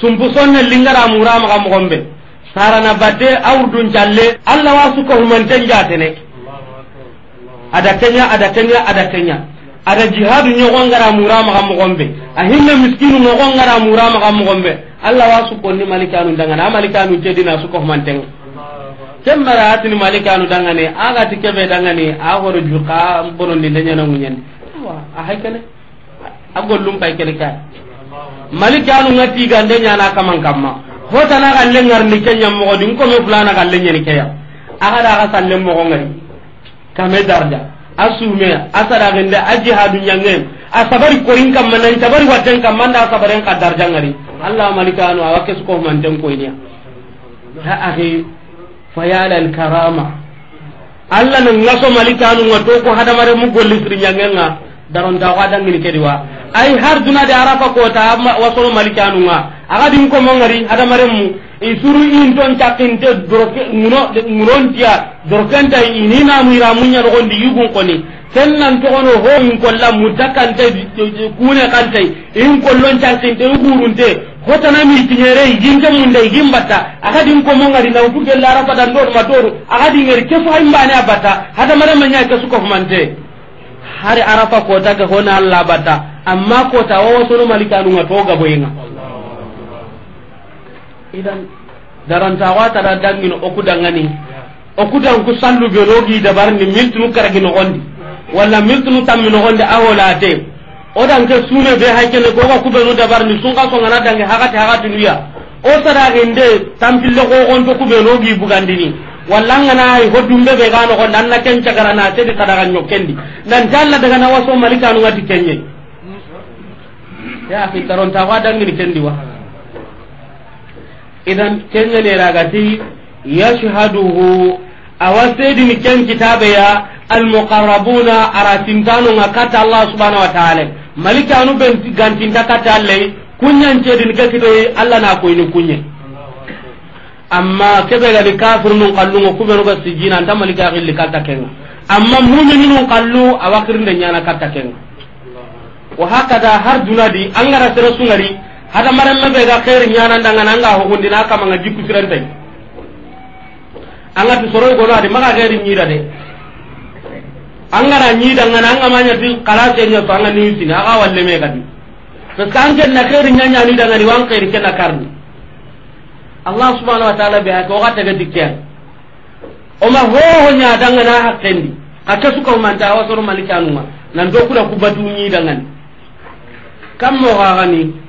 sumpu sonne lingara murama kam gombe sarana badde awdun jalle allah wasu ko humanten jatene ada kenya ada kenya ada kenya ada jihadu nyogon gara mura maka mogombe ahinna miskinu nyogon gara mura maka mogombe Allah wasu ni malikanu dangana malikanu jadi na sukoh manteng kembara atini malikanu dangane aga tikebe dangane agoro juka bonon ni denya na munyen wa ahaikene agollum pay kene kay malikanu ngati gande nyana kamang kamma hota na galle ngar ni kenya mo godin ko me fulana nyeni kaya aga da ga mo ngari kame darja asume asaragende a jihadu ñange a sabari korin kamma nan sabari watten kamma nda sabaren jangari allah malikano awa kes kohumanten koyniya ha ahi fayalal karama. allah nan ngaso anu to ko hadamare mu daron gollisiri wadan darontaxo kedi wa. ay har dunade arafa kota anu nga aga din komongari hadamaren mu isuru inton cakinte ŋunontiya dorkenta ininamuira muñanogondi yugun koni to ono ho in kolla mutta kante kune kante in kollon cakinte i gurunte hotana mitiñere iginte munde igin batta akadi in komongadi nautu gellara badandoɗuma toru akadi ngeri kesu hay mbane a manya hadamadamaña suko kofumante hari arafa ko daga hona allah bata amma ko sono wawasono malikanunga to gaboyinga idan daranta wata da dangin oku dangani oku dan ku sallu be rogi da barni miltunu karagi no gondi walla miltunu tammi no gondi ahola te o dan ke sune be ne ko ku beno da barni sun ka ko ngana dangi hakati hakati nuya o sara gende tampille ko gon ku kubenu gi ni wala ngana ay hoddum be be gano ko nan na ken cagara na di kada ganyo kendi nan jalla daga na waso malika no wati kenye mm-hmm. ya fi taron ta wadan ni kendi wa idan kenya ne ragati ya yashhaduhu awasedini ken kitabe ya almuqarrabuna aratintano nga kata allah subhanahu wa ta'ala malika anu ben gantinta kata allah kunyan ce din ke kito allah na ko ni kunye amma kebe ga kafir nun kallu ko be no sijina ta malika gilli kata ken amma mu'minin nun kallu awakir nden nyana kata ken wa hakada har dunadi angara sere sungari hada maran be ga khair nyana ndanga nanga ho gundi na kama ngaji tay anga tu soro go ade maka gairi nyida de anga ra nyida ngana anga manya ti kala se nyo anga ni tin aga walle me di to sanje na khair nyanya ni daga ni wang khair kenna karni allah subhanahu wa taala be ha ko gata ga dikya o ma ho ho nya danga na hakkendi aka suka ta wa soro malikanuma nan do kula kubatu nyida ngani kam mo ga ni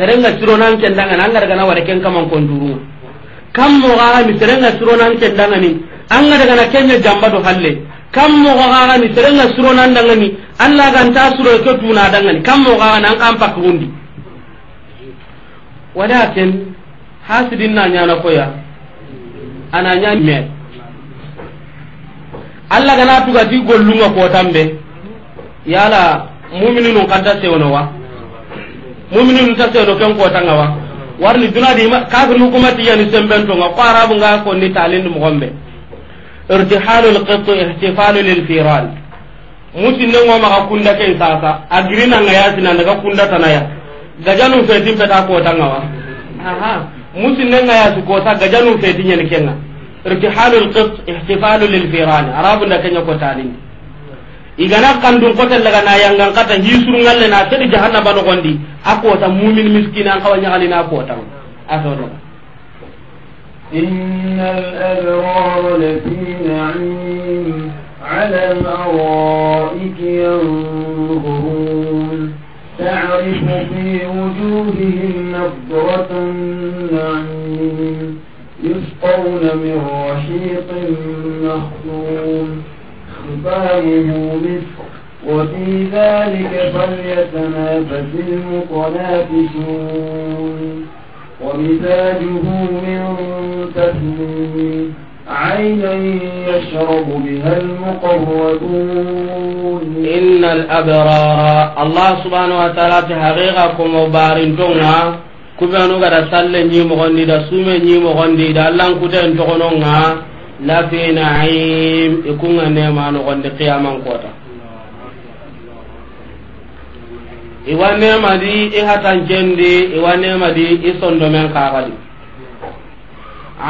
serenga sironan kendanga nan daga na wada ken kaman konduru kam mo gara mi serenga sironan kendanga ni an daga na kenya jamba do halle kam mo gara mi serenga nan danga ni Allah kan ta suro ke tuna danga ni kam mo gara nan kam pak hundi walakin hasidin na na koya ananya me Allah kana tuga di gollunga ko tambe yala mu'minun kan ta sewno wa mu'minu ta se do ken ko tanga wa warni di kafir nu kuma ti yani semben to ko arabu nga ko ni talin mo gombe irtihalul qit ihtifalul muti ne ngoma ma kunda ke sasa agrina nga yasina daga kunda tanaya gajanu fetin peta ko tanga wa aha ne nga yasu ko ta gajanu fetin yani kenna irtihalul qit ihtifalul infiral arabu nda kenya ko talin igana kandun kotel laga na yangan kata hisuru ngalle na sedi jahannaba nogondi akota mumin miskina an kawa ñagani na kota asodo إن الأبرار لفي نعيم على الأرائك ينظرون تعرف في وجوههم نضرة النعيم يسقون من رحيق مخدوم وخفايه مصر وفي ذلك فليتنافس المتنافسون ومزاجه من تسليم عينا يشرب بها المقربون إن الأبرار الله سبحانه وتعالى حقيقكم وبارنتونا kubenu gada salle ñimogondi da sume ñimogondi da allankuten togononga lafi na'im ikunga nema no gonde qiyaman qoota. iwa nema di i hatan jendi iwa nema di i sondo men kagadi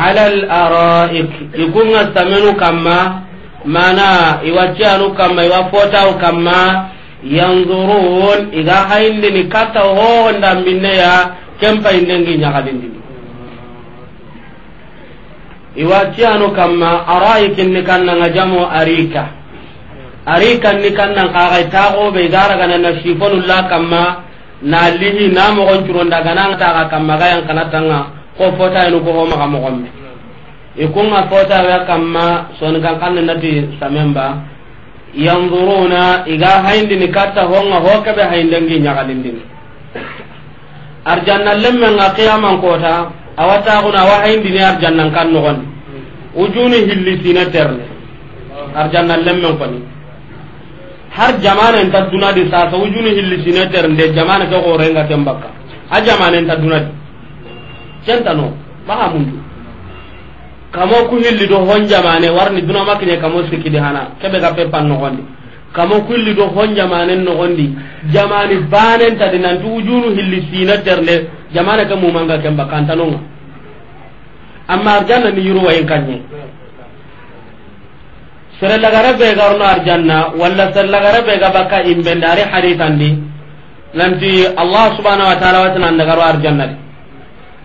ala al araik ikunga samenu kamma mana iwa janu kamma iwa fotau kamma yanzurun iga hayndini katta ho ndambinne ya kempa indengi nyakadindini iwa ciyano kamma arayi kinni kannanga jamo arika arika ni kannan kaxay na garaganana sifonulla kamma na lihi na mogon curonda gananga taxa kamma gayan kanatanga ko fotayinu ko homaxa mogonɓe fota fotawe kamma sonikan kanne nati samemba yanzuruna iga hayndini katta honga ho keɓe hayndengi ñagalindini arjanna lemmenga qiyaman kota awataxuna awa hayindini arjannan kan noxondi ujuni hilli sine terne arjanna lemmen koni har jamanenta dunadi sasa ujuni hilli sine ternde jamana ke xorenga ken bakka a jamanenta dunadi kentano maxa mundu kamo ku hilli do hon jamane warni duna makine kamo sikidi hana kebe ga peppan di kamo ku kulli do hon jamanen nogondi jamani banen tadi nanti ujunu hilli sina terne jamana ke mumanga ken bakkantanonga amma arjanna ni yuru wayin kanye sere lagara be ga arno arjanna walla sere lagara be ga baka imbe ndare hadithandi nanti allah subhanahu wa ta'ala watana ndagaro arjanna di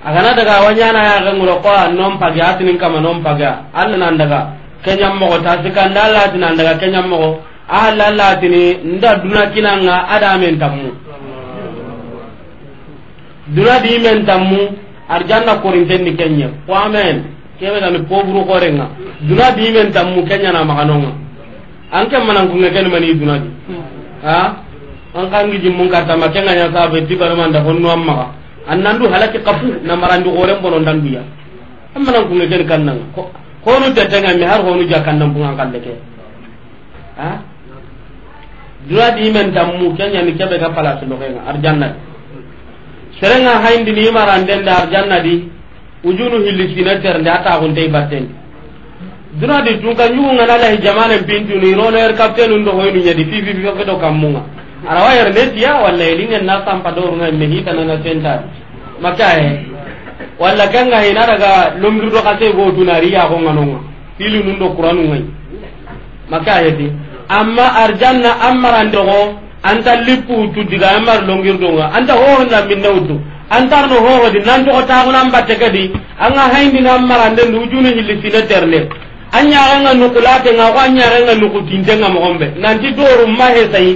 agana daga na ya ga nguro ko non pagi atinin kama non paga alla nan daga kenya mo ta sikanda alla tinan daga kenya mo alla alla tini nda duna kinanga ada men tammu duna di men tammu arjanna korintenni Kenya. ko amen kebe gani poburu korenga duna dimen tammu kenya na maganonga anke manan kunga ken mani duna di hmm. ha an kangi jimmun karta makenga nya sabe tibara da honno amma annandu halaki kapu na marandu goren bonon biya amma nan kunga ken kannan ko honu tetenga mi har honu jakannan bunga kalleke ha duna dimen tammu kenya ni kebe pala palace lokenga arjanna serenga hayndi ni maranden da arjanna di ujunu hilli sina ternde ata hunte batten duna di tunka nyugo ngana la jamane bintu ni rono er captain ndo hoynu nyadi fi fi fi do kamunga arawa er netiya walla elinga na sampa do runga me hita na na senta makae walla kanga hina daga lumdu do kase go tunari ya ko ngano nganonga filu nundo qur'anu ngai makae ti amma arjanna ammarande go anta lippu tu diga mar longir donga anta ho na minna udu anta no ho di nan to ta ko nan batte kadi anga haindi nan marande nujunu hilli sine terne anya anga nukulate nga ko anya anga nukutinte nga mogombe nan ti doru mahe sai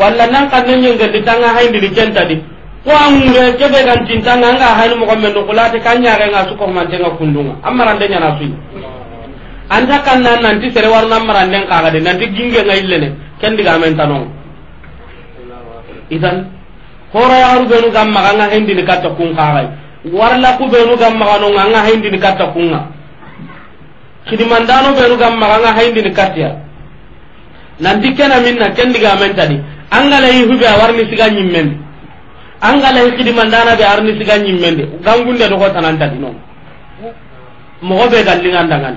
walla nan kan nan nyanga di tanga haindi di kenta di ko amure kebe kan tintanga anga haini mogombe nukulate kanya anga suko mantenga kundunga amarande nya nasu anta kan nan nan ti sere warna marande kaga de nan ti ginge nga illene kendi ga men tanong idan hora ya ru benu gam maga nga hendi ni katta kun kagai warla ku benu gam maga no nga hendi ni katta kunga kidimandano benu gam maga nga hendi ni ya nanti kena minna ken diga men tadi angala yi hubi warni siga men angala yi kidimandana be arni siga men de gangunde do ko tanan tadi no be ndangan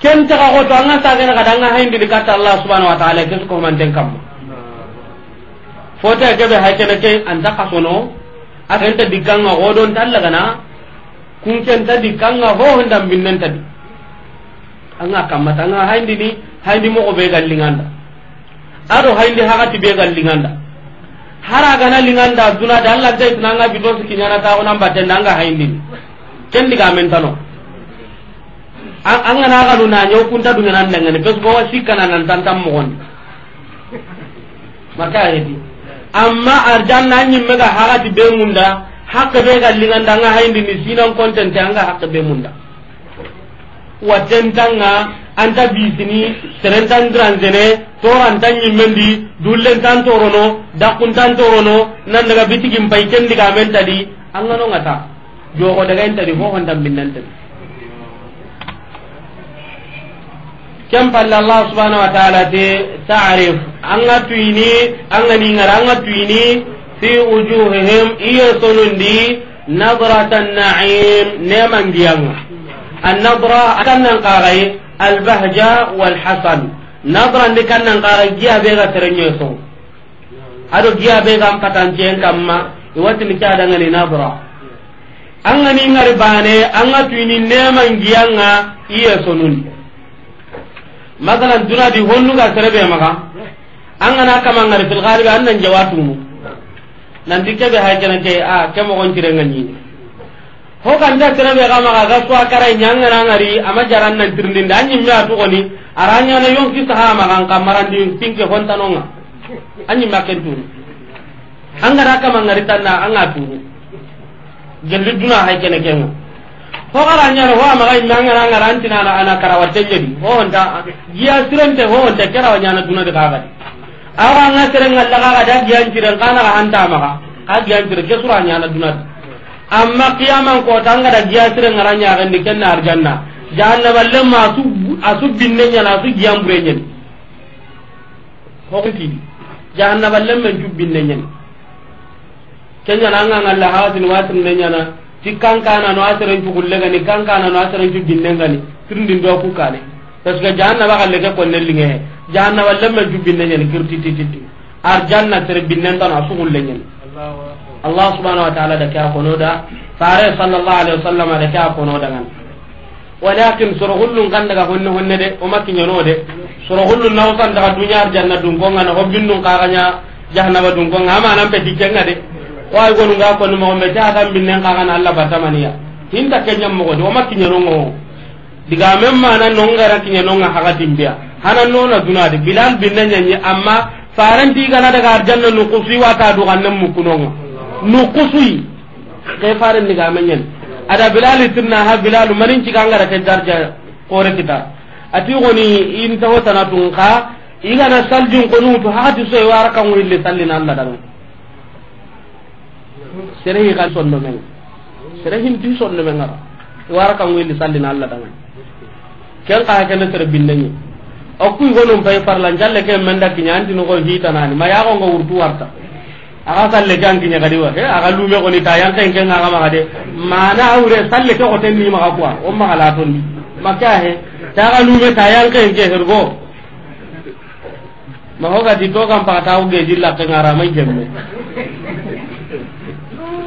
ken ta ko to anga sagena kadanga hendi ni katta allah subhanahu wa ta'ala kesu ko man den kam fota kebe hakene ke ta kasono dikkan dikkanga godon tallagana kunkenta dikkanga hohondan an anga kammata ni haindi hayndi ko be gallinganda aɗo hayndi ti be linganda hara gana linganda da allah gaitinanga bido sikiñanataxonan battende anga hayndini ken digamentano angana ganu nañew kunta dungenan dangene parce que owa sikkananantantan mogondi marka ayeti amma arjanna anyimme ga harati be munda hakke be gallinganda anga hayndi ni sinan an anga hakke be munda wa wattentanga anta bisini serentan granzene torantan dullentan torono dakkuntan torono nan daga bitigin pay kendigamentadi anganongata jogo daga intadi hohontan binnantadi kem palle allah subhanahu wa ta'ala te ta'rif anga tuini anga ni ngara anga tuini fi wujuhihim iya sonundi nadratan na'im neman diyanga an-nadra akannan qarai al-bahja wal hasan nadra ndi kannan qarai giya be ga terenyo so ado giya be ga patan jen kamma iwati ni kada ngani nadra anga ni ngari bane anga tuini neman diyanga iya sonundi masalan duna di honnu ga serebe maga an gana kama ngari fil ghalib an nan jawatu mu nan dikke be hay kana ke a ke mo gon tirenga ni ho kan da serebe ga maga ga to akara nyanga na ngari ama jaran nan tirndin dan nyi mi atu aranya na yong ki saha maga kan maran di pinke hon tanonga anyi maken tu an gana kama ngari tanna an duna hay kana kenga hogara ñaro ho amaga imme angana angara antina ana ana karawatte ñedi howonta giya sirente howonta kerawa ñana dunade kagadi awa anga serengalla kagadi a giyanciren kanaga hantamaga ka giyancire ke sura ñana dunade amma qiyaman kota angada giya sirengara ñagendi kenna arjanna jahannaballe ma asu asu binne ñana asu giyambure ñeni hokutidi jahannaballe men cu binne ñeni keñana anga ngalla hawatin watin ne ñana ti kankana no aseren cugulle gani kankana no aseren cu binnen gani tirndin do ku kane parce que jahannaba galle ke konne linge he jahannaba lemme cu binne nyani kirti ti ti ti ar janna tere binnen tan asugulle nyani allah subhanahu wa ta'ala da ka kono da fare sallallahu alaihi wasallam da ka kono da ngani walakin sorogullun kan daga honne honne de o makki nyano de sorogullun na o kan daga dunyar janna dun ko ngana hobbin dun kaganya jahannaba dun ko ngama nan pe dikenga de way gonu ga ko mo me ta kan binne ka kan alla batamaniya tinta kenya mo go do ma nyoro ngo diga memma na no ngara nga haga timbia hana no na duna de bilal binne nyanyi amma faran diga na daga arjanna nu kusi wata do kan mu ke faran diga menyen ada bilal tinna ha bilal manin ci kangara ke darja kore kita ati goni in tawata na tunka igana saljun konu to haati so e waraka ngulle sallina Allah dalu sere yi kan sondo men sere hin ti sondo men ngara wara kan wi salli na Allah dangan ken ka ken sere bindenyi akku gono pay parlan jalle ke menda kinya anti no ko hita nani ma ya ko ngo urtu warta aga salle jan jangi nya gadiwa he aga lume ko ni ta yan ken ken aga ma de mana awre salle ke ko ten ni ma kwa o ma kala ton ni maka he ta ga lume ta yan ken ke hergo ma ho ga di to kam pa ta u ge jilla ke ngara mai jemme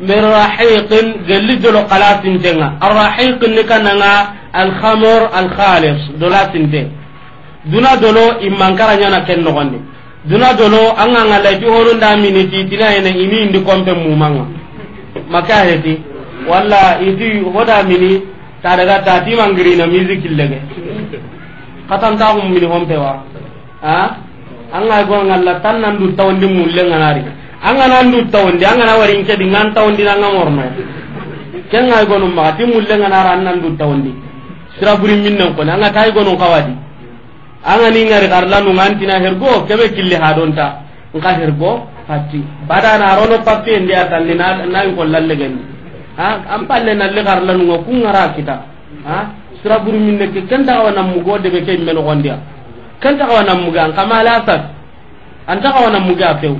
min rahiqin gelli dolo qalasintenga arrahiqin ni kannanga duna dolo angana ndu tawndi angana warin kedi ngan tawndi nanga morno ngay gonu ma ti mulle ngana ran nan ndu tawndi sira buri minna ko nanga tay gonu kawadi angani ngari kar lanu karlanu ngantina hergo kebe kille ha donta nka hergo patti bada na rono papi ndi atalli na na ko lalle gen ha am palle na le karlanu ngo ku ngara kita ha sira buri minne ke kenda wana mugo de be ke meno gondia kenda wana muga an kamala sa anta wana muga pew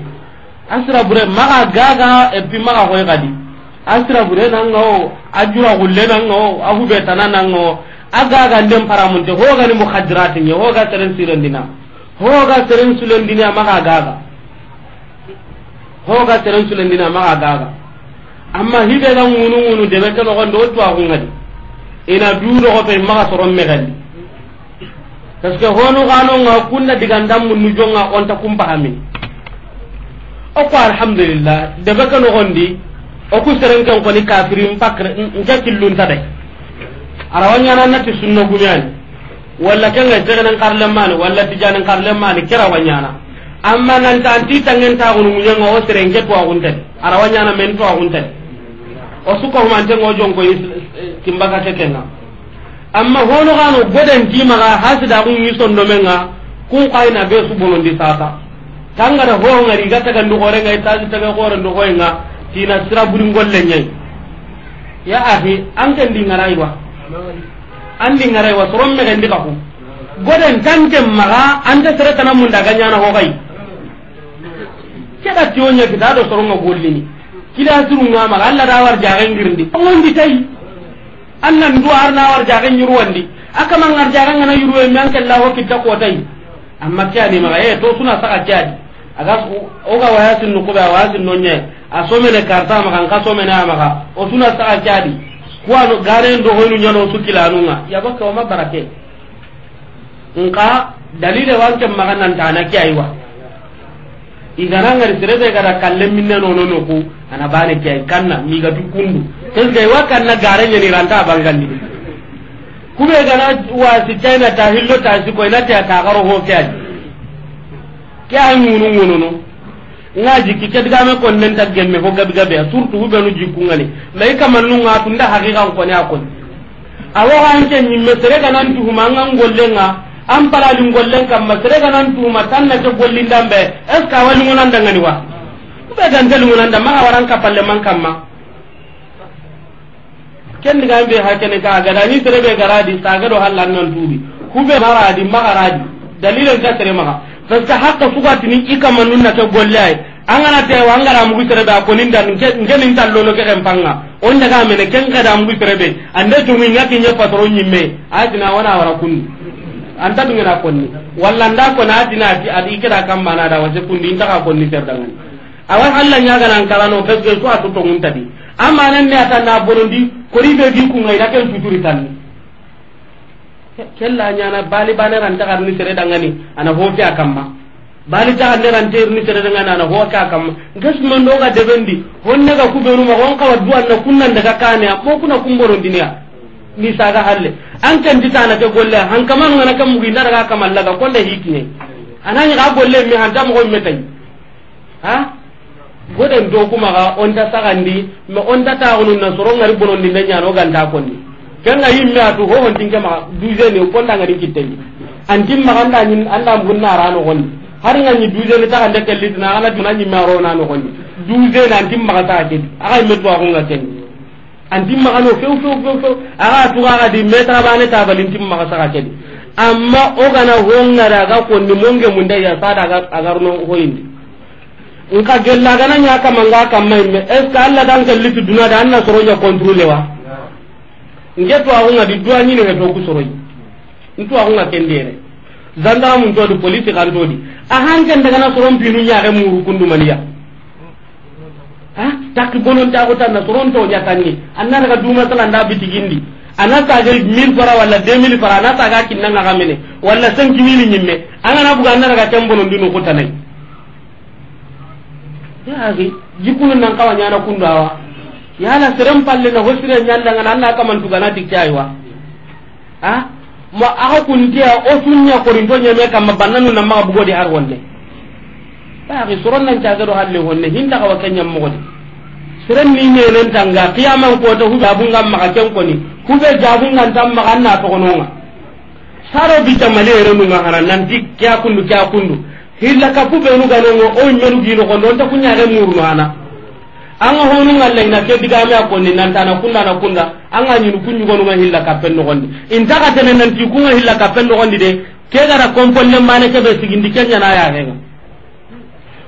asira bure maga gaga e pi maga koy gadi asira bure nanga o ajura gulle nan no abu betana nan no aga ga ndem paramunte ho ga ni mukhadrat ni ho ga teren dina ho ga teren sulendina maga gaga ho ga teren sulendina maga gaga amma hibe ga munu munu de beta no gondo to agun gadi ina du do ko pe maga soron me gadi parce que honu gano nga kunna digandam mun nu jonga on ta kumpa amin oko alhamdulillah daga kan gondi oku seren kan ko ni kafirin pakre nja killun tada arawanya nan nati sunna gumyan walla kan ga jagan karlan man walla tijanan karlan man kira amma nan ta anti tangen ta gunu munyan o seren ke to agunten arawanya nan men to agunten o su ko man tan ojon ko timbaka tekenga amma hono gano godan timaga hasida kun yison domenga kun kaina be su bonondi sata tangara ho ngari ga taga ndu gore ngai taji taga gore ndu ho nga tina sira buri ngolle nyai ya ahi an kan di ngarai wa an di ngarai wa soron me kan di kafu goden tan kem maga an ta sira tanam mun daga nyana ho kai keda tiyonya kita do soron ngo ni. kila suru nga maga alla da war jaga ngirndi ngon ndi tai annan du arna war jaga nyurwandi wandi. akama ngar jaga ngana yurwe nyan kan lawo kitta ko tai amma kyani maga e to suna saka kyadi aga oga waya sin no kuba waya sin nonye a somene karta maga ka ne amaga o suna saka kyadi kuwano garen do hoynu nyano sukilanunga yabaka o barake nka dalile wanke maga nan ta tana kyaiwa iganangari serebe gada kalle minne nonono ku ana bane kyai kanna mi miga tukundu kenkai wa kanna garen yani ranta bangandi kube gana wasi kaina ta hillo ta si ko ina ta ta garo ho kya ke an ngunu ngunu no nga jiki ke diga me kon nen ta gemme ho gabi gabi surtu hube no jikku ngani lai kamal nu nga tunda haqiqa ko ne akon awo han ke nyimme sere kana ntu huma nga ngollenga an palali ngollen kam ma sere kana ntu huma tan na ke gollin dambe es ka wali ngona ndangani wa kube dan tel ngona ndama waran kapalle man kamma ken diga be hakene ka ga dani tere be garadi saga do hallan nan tubi kube maradi magaradi dalilan ta tere fa fasta hakka suka tini ika manun na ta gollai an ana te wa ngara mu tere da ko ninda nge nin tan lolo ke kempanga on daga mene ken ka da mu tere be ande tumi yati nya patro nyimme adina wana wara kun anta dunga da konni walla nda ko na adina ati adi kira kam mana da wase kundi ta ka konni ter dangan awan alla nya ga nan kalano fesge su a to mun tadi amma nan ne ata na bonondi kori be gi kunga ida ken tuturi tanni kella nyana bali bane ranta garni sere dangani ana hofi akamma bali ta ne ran ter ni tere ana na hoka kam gas man do ga debendi honne ga kubenu ma honka wa duan na kunnan daga kane a ko kuna kumboro dinya ni saga halle an kan dita na ta golle han kaman ngana kam mugi daga kamal laga kolle hikne anani ga golle mi han dam go metai ha goden do kuma ga on ta sagandi ma on ta taunu na soro ngari bonon dinda nyano ganta konni kenga yimme atu ho hon tinke ma duje ne ko ndanga ni an andim ma ganda nyin anda munna rano gonni har nga ni duje ne ta ganda kelli na ala duna nyi maro na no gonni duje na andim ma ta ke aga me to ko an andim ma no feu feu feu feu aga tu ga di ba ne ta lin tim ma sa ke amma o gana ho ngara ga konni monge munda ya sada no ho indi. nka gella gana nya kama nga kama me est ce alla dan ke litu duna da na soro nya contrôler wa nge to awu ngadi duwa ni ne to ku soro yi ntu awu nga kendere zanda mun to do police kan to di a han kan daga na soro pinu nya ga muru kundu maniya ha tak bonon ta ko tan na soro to nya tanni anna daga duma sala nda gindi ana taga mil para wala deux mille para ana taga kinna nga gamene wala cinq mille nyimme anga na buga anna daga tambono dinu ko tanai yaagi jikunu nan kawa nyana kundu awa yala serem palle na hosire nyanda ngana Allah kaman tugana dikyai wa ha ma aka kuntiya o sunnya korinto nyame kam bannanu nan maka bugodi har wonne yaagi soron nan ta gado halle wonne hinda kawa kenyam mogodi serem ni nyenen tanga kiyaman ko to huba bunga maka ken koni hube jabunga tan maka na to kononga saro bitamale renunga hanan nan dikya kundu kya kundu hilla kapu benu ganongo o nyenu gino kondo onta kunyare murno ana ho honu ngalla ina ke diga me ni nan na kunna na kunda anga nyinu kunyu gono ma hilla kapen no gondi in ka tenen nan ti kunga hilla kapen no gondi de ke gara le mane ke be sigindi nya na ya ga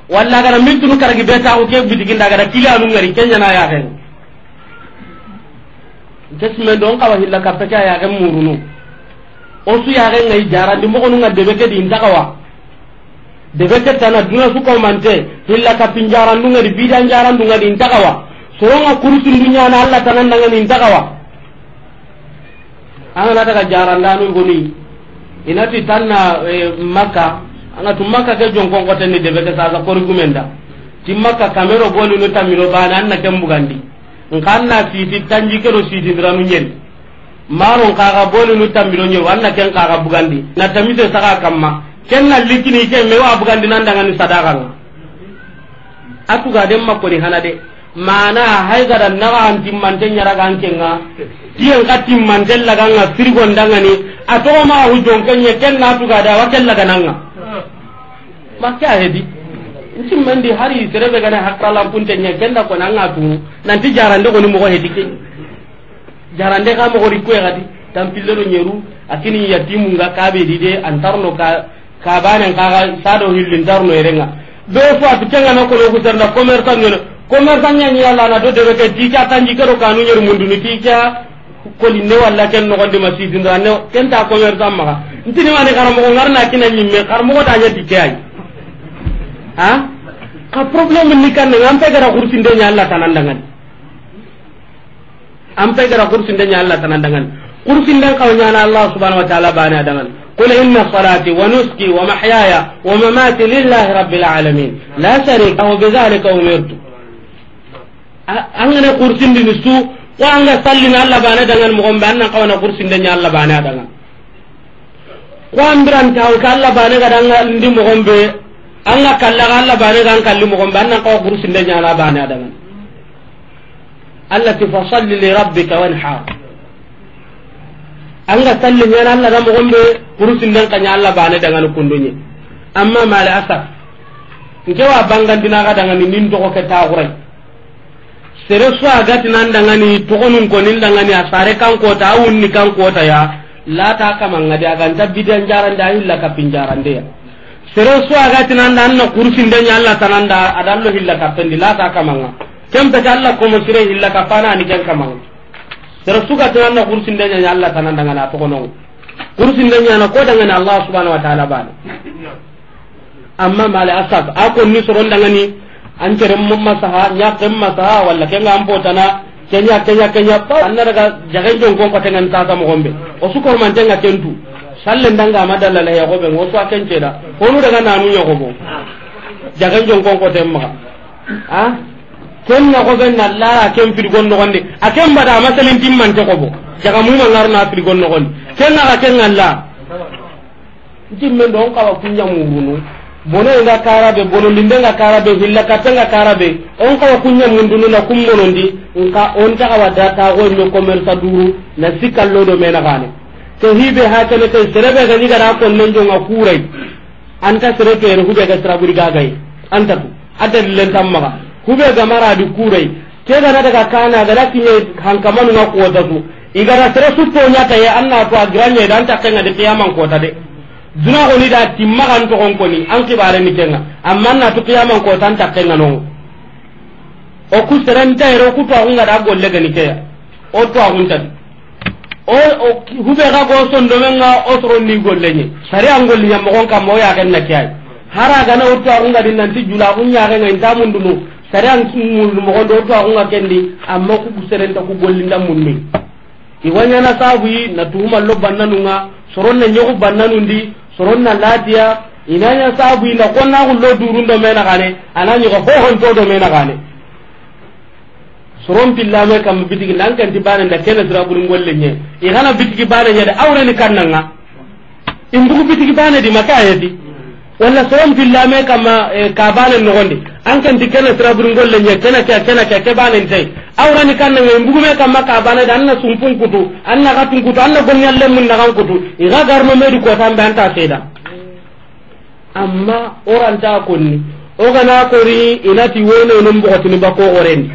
walla gara kara gi be ta o ke bidiginda gara kila anu ngari nya na ya hega kesme don kawa hilla kapen ka ya ga o su ya ga ngai ndi mo ngade be ke di ntaka wa debe kettana duna sukomante illa kapinjarandungadi bidanjarandungadi intakawa soronga kurutunduñana allah tanandangani intakawa angana daga jarandanugoni inati tanna e, makka tu maka ke jonkonkotenni debe ke sasa korigumenda ti maka kamero bolinu tamiro bane anna ken bugandi nka tanji kero tanjikero sitindiranu ñeni maro nkaga bolinu tamiro ñew anna ken kaga bugandi na tamise saga kamma ken na litini ke me wa bugan dinan ni sadakan aku ga dem mako hanade mana hay ga dan nawa an timman den nyara kan kenga dia ga iya timman den la ganga firgon ni ato ma hu jon kenye ken na tu ga da wa ken la nanga makya hedi insin mandi hari serebe gana hakra lampun tenya ken da ko nanga tu nanti jarande ko ni mo hedi ke jarande ga mo ko rikuwe Tampil tampillero nyeru akini yatimu ga kabe dide antarno ka kabanen kaga sado hillin tarno erenga do fo atu kenga na ko ku tarna commerçant ngene commerçant nyani yalla na do de ke tika tanji karo kanu nyer mundu ni tika ko li ne walla ken no gonde masidi nda ne ken ta commerçant ma ntini wani karamo na kina kinan nyimme karamo ko tanya dikke ay ha ka problème ni kan ngam pe gara kursi de nyalla dangan. am pe gara kursi de nyalla dangan. kursi de kawnya Allah subhanahu wa ta'ala bana dangan قل إن صلاتي ونسكي ومحياي ومماتي لله رب العالمين لا شريك له بذلك أمرت أنا قرسين بمسو وأنا سلم الله بانا دنا المغم بأننا قوانا قرسين دنيا الله بانا دنا وأنا بران تاوك الله بانا دنا اللي مغم بي أنا قال لغا الله بانا دنا اللي قرسين دنيا الله بانا دنا التي فصل لربك وانحار anga sallu nyana Allah da mo gombe kurusin dan kanya Allah bane daga no kundunye amma mala asaf nke wa bangan dina ga daga ni nin to ko ta gurai sere su aga tinan daga ni to ko ko nin daga ni asare kan ko ta awun ni kan ko ta ya la ta kama ngadi aga ta bidan jaran da illa ka pinjaran de sere su aga tinan dan na kurusin dan Allah tananda adallo hilla ka pendi la ta kama ngam kembe Allah ko mo sire hilla ka pana ni kan kama ngam sera suka tanan na kursin da nyanya Allah tanan daga na tokono kursin da nyanya ko daga na Allah subhanahu wa ta'ala ba amma mala asaf ako ni soron daga ni an tere mun masaha nya kan masaha walla kan an botana kenya kenya kenya pa anna daga jagan jon ko paten an tata mo gombe o su ko man tanga kentu sallen danga madalla la ya gobe o su aken ceda ko nu daga nanu ya gobo jagan jon ko ko temma ha ah? ken na ko ben la ken fi gon no gonde a ken bada masalin timman te ko bo daga mu ma larna fi gon no gonde ken na ken Allah timmen don ka wa kunya mu bunu bono nga be bono linde nga kara be hilla ka katta nga kara be on ka wa kunya mu bunu na kum bono ndi on ka on ta wa data go no commerce duru na sikal lo do mena gane to hibe ha tele te serebe ga ni gara ko non jonga kurai anta serebe ru be ga tra traburi ga gai anta adu len tamma kube mara di kurai ke gana daga kana gada kinye hankamanu na kota su igara tare su to nyata ye anna to agranye dan ta kenga de kiyaman kota de duna ni da timma kan to kon koni an ki bare ni kenga amma na to kiyaman ko an ta kenga no o ku tare nta ero ku to an ga da golle ga ni ke ya o to a hunta o o hube ga go son do menga o to ni golle ni sare an golle mo kon kam mo ya ken na kiyai hara ga na o to hunga din nan ti jula kun ya ga ngai ta mun saran mundu mo do to akunga kendi amma ku buseren ta ku gollinda munni wanya na sabu yi na tuma lo bannanunga soronna nyogo bannanundi na latiya inanya sabu yi na konna ku lo me mena gane ananyi ko ho hon to do mena gane soron me kam bitigi nan kanti bana da kene dura burin golle nye i hana bitigi bana nye da awre ni kannanga in bugu bitigi bana di makaya di walla soron me kam eh, ka bana no gonde an kan ti kana tra burun golle nya kana ka kana ka ke banen tay awra ni kan ngi mbugume kam maka bana dan na sumpun kutu an na gatun kutu an na gon le mun na kan kutu iga ma medu ko tan ban ta seda amma oran ta konni o ri ina ti wono non bogotini bako orendi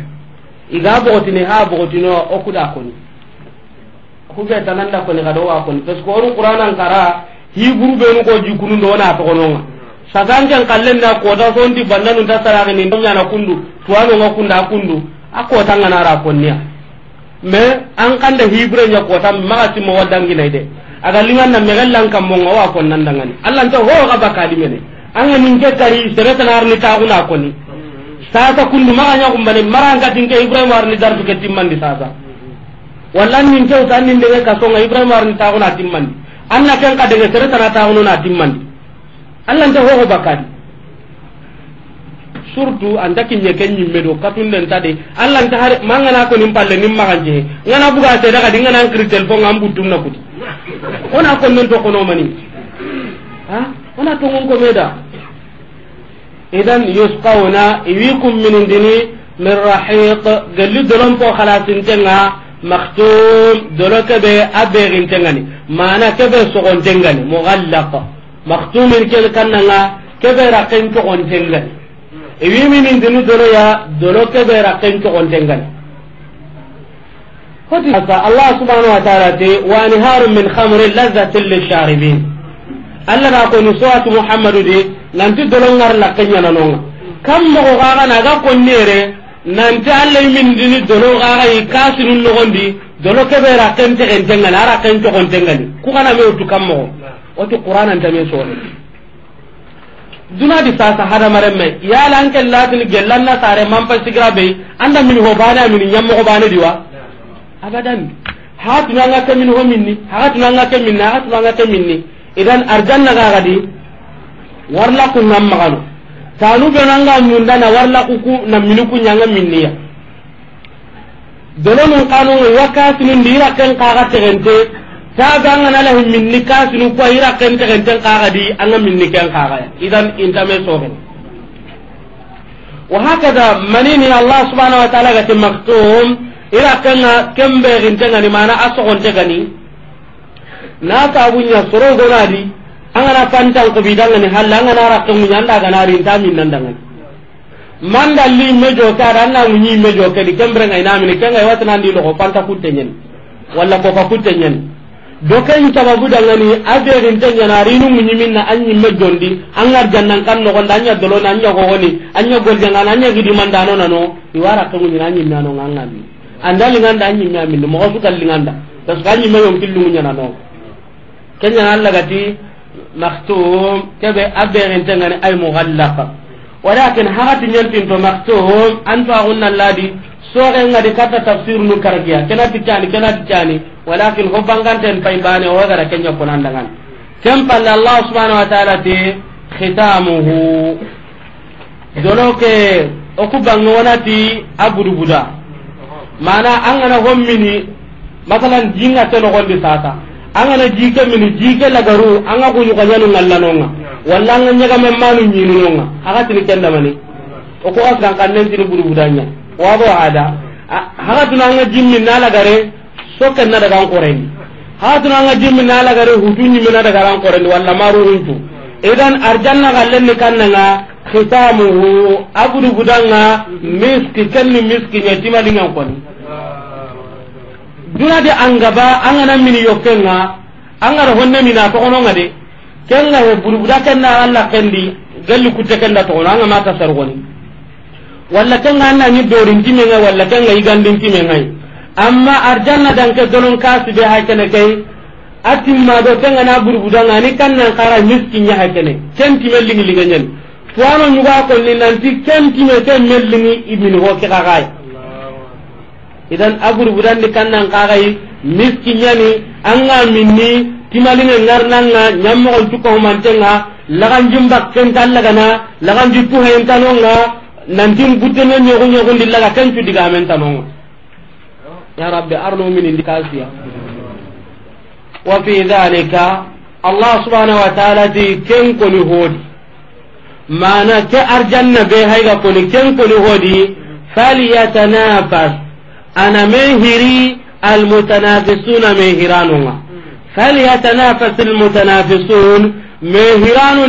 iga bogotini ha bogotino o kuda konni ga tananda ga do wa konni parce que qur'an an kara hi guru be ko jikunu do na to gononga sasanken kallen na kota sonti ballanu ta sarari ni ndo nyana kundu tuwano nga kunda kundu a kota nga nara konniya me an kanda hibre nya kota magati mo wadangi na ide aga lingan na megallan kam mo wa kon nan dangani allah nta ho ga bakali mene an ni ke tari sereta nar ni ta kuna koni sasa kundu maga nya kumbane maranga tinke ibrahim war ni dartu ke di sasa wallan nin ke utan nin de ka songa ibrahim war ni ta kuna timmandi anna kan ka de sereta na ta timman di. allah nta hoho bakkadi surtout anta kinye ken ñimme do katunden tadi allah nta har mangana konin palle nin maxance ngana buga seda kadi ngana nkiri telephone an buttum na kuti ona konnen to konomani a ona tongon komeda idan yusqawna iwikum minindini min rahiq gelli dolon po halasintenga maktum dolo kebe a beerintengani mana kebe sogontengani mugallaq maktumin kel kannanga kebera ken to ontengan iwi min dinu dolo ya dolo kebera ken to ontengan hoti asa allah subhanahu wa ta'ala te wa niharun min khamrin lazzatin lisharibin allah ga ko ni suwatu muhammadu de nanti dolo ngar la kenya nanonga kam mo ko ga na ga ko konnere nanti allah min dinu dolo ga ga kasinun nogondi dolo kebera ken te entengan ara ken to ontengan ku kana me utu kam mo oti qur'anan tame sore duna di sasa hada maremme ya lan kel latin gellan na sare man pa sigra be anda min ho bana min nyam ho bana diwa abadan ha tuna ke min ho minni ha tuna ke minna ha tuna ke minni idan na ga di warla ku nam magano tanu be nanga nyunda na warla ku ku nam min ku nyanga minni ya dolonu kanu wakati nun dira ken kaga tegente ta ga ala hin min ni ko ira kan ta kan tan kaga di an min nikan kaga idan inta me so ga wa hakada manini allah subhanahu wa ta'ala ga maktum ira kan kembe gin tan ni mana aso kon ta gani na ta bunya soro gona di an ana pantan ko bidan ni halla an ana ra kan nyanda anda ga nari ta min nan dan man dalli me jo ka ran na munyi me jo ka di kembre ngai na min kan ngai nan di lo ko panta nyen wala ko ka nyen doken sababu da dangani aberin tanya na rinu munyimin na anyi mejondi an arjan nan kan no gonda anya dolo na anya gogoni anya golja na anya gidi mandano na no iwara kan munyi na anyi na no ngangami andali nganda anyi mi amin mo osu kalli nganda tas kan anyi mayon killu munya na no kenya na Allah gati maktum kebe aberin tanya ay mughallaqa walakin hakati nyantin to maktum antu agunna ladi so ngadi kata tafsir nu kargiya kenati tani kenati tani walakin hobbanganten pay bane wogara kenya konandangan ken palle allah subhanau wa taala ti khitamuhu donoke oku bange wonati a budubuda mana angana hommini masalan jingate nogondi sasa angana jike mini jike lagaru anga kuñukanyanu ngallanonga walla anga ñagamen manu ñininonga akatini kendamani oku a sigankannentini budubudanya wabo hada hakatuna anga jimmin na lagare sokken na daga korendi hatuna nga jimmi na ala gare hutu nyimmi na daga ran korendi walla maru huntu idan arjanna gallen ni kannanga khitamu agudu gudanga miski kenni miski nya timadi ngam kon duna de angaba angana mini yokenga angara honne na to ono ngade kenga he bulubuda kenna alla kendi galli kutte kenda to ono angama ta sarwoni walla kenga anna ni dorin timenga walla kenga igandin timenga amma arjanna danke golon kasibe hakene kay atimma do kenga na burgudanga ni kannan kara miskinya hakene kenti mellingi liganyen tuwano nyuga ni nanti kenti me ken mellingi ibin ho ke kagai idan agur budandi kannan kagai miskinya ni anga minni timalinga ngarnanga nyammo ko tuko mantenga lagan jumba ken tallagana lagan jippu hen tanonga nanti nyo nyogo nyogo dillaga kencu diga men tanonga ya rabbi arno min indikasiya wa fi dhalika allah subhanahu wa ta'ala di ken koni ke arjanna be hayga koni ken koni hodi falyatanafas ana men hiri almutanafisuna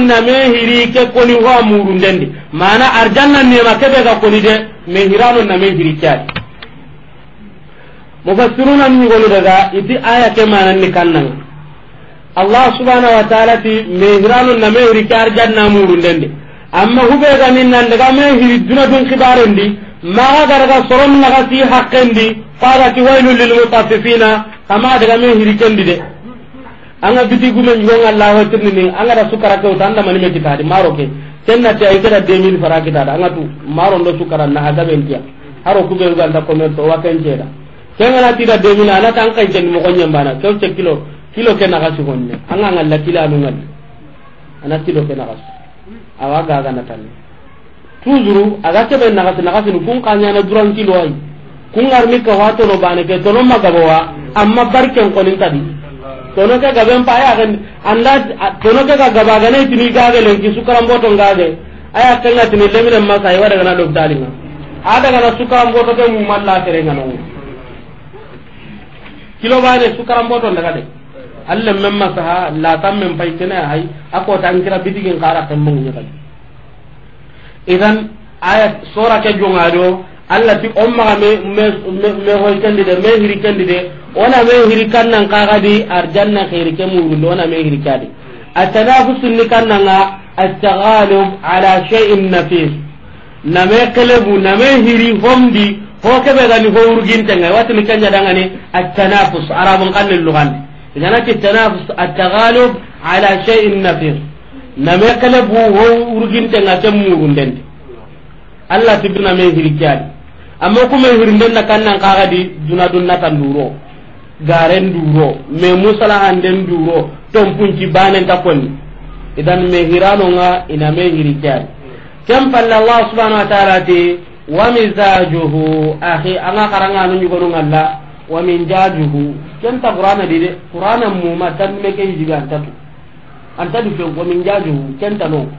na men hiri ke koni ho amurundendi mana arjanna ma kebe ga koni de men hiranun na men hiri kyadi mufassiruna ni gonu daga iti aya ke manan ni kannan allah subhanahu wa ta'ala ti mehranu na mehri kar janna murundende amma hube ga min nan daga mehri duna dun kibarendi maga garaga soron naga ti haqqendi fara ti wailu lil mutaffifina kama daga mehri kendi de anga biti gume ngon allah wa tirni anga da sukara ko tanda mani me kitadi maro ke tenna ta ay kada 2000 fara kitada anga tu maro ndo sukara na aga ben tiya haro kube ga nda to wa kan jeda kengana tiga demina anata an kay jenni mogon nyambana kewce kilo kilo ke naga si honne an ga ngalla kila anu ngal ana kilo ke naga awa ga ga natan tuzuru aga ke ben naga na sin kun kanya na duran kilo ay kun armi ka wato no bane ke to no magawa amma barken ko nin tadi to no ke gaben pa ya gan anda to no ke ga gaba ga ne tini ga ga len ki sukaram boto ngade aya kanga tini lemire ma sai wa daga na doktalinga ada ga na sukaram boto ke mu kere tere ngano kilo bane karam boton daga de allah men masaha la tam men pay tene hay ako tan kira bidigin qara tan mun ni idan aya sura ke jongado allah ti umma maga me me hoy hoytandi de me hiri hirikandi de ona me hiri kan nan kaga di arjanna khair ke mu ndo ona me hiri hirikadi التنافس اللي astaghalu ala shay'in nafis na me قلب na me hiri hondi ho kebe gani ho urgintenga watini kenyadangani attanafus arabun kanni lugandi iganati tanafus attagalub ala sheyin nafir name ho urgintenga murundendi allah amma hirindenna kannan kagadi duna garen duro me musalahanden duro banenta konni idan me palle allah subhanau wa taala ti wa mizajuhu akhi anga karanga anu nyugo ngalla wa min jajuhu kenta qur'ana di de qur'ana mu ma meke jiga tatu anta wa min jajuhu kenta no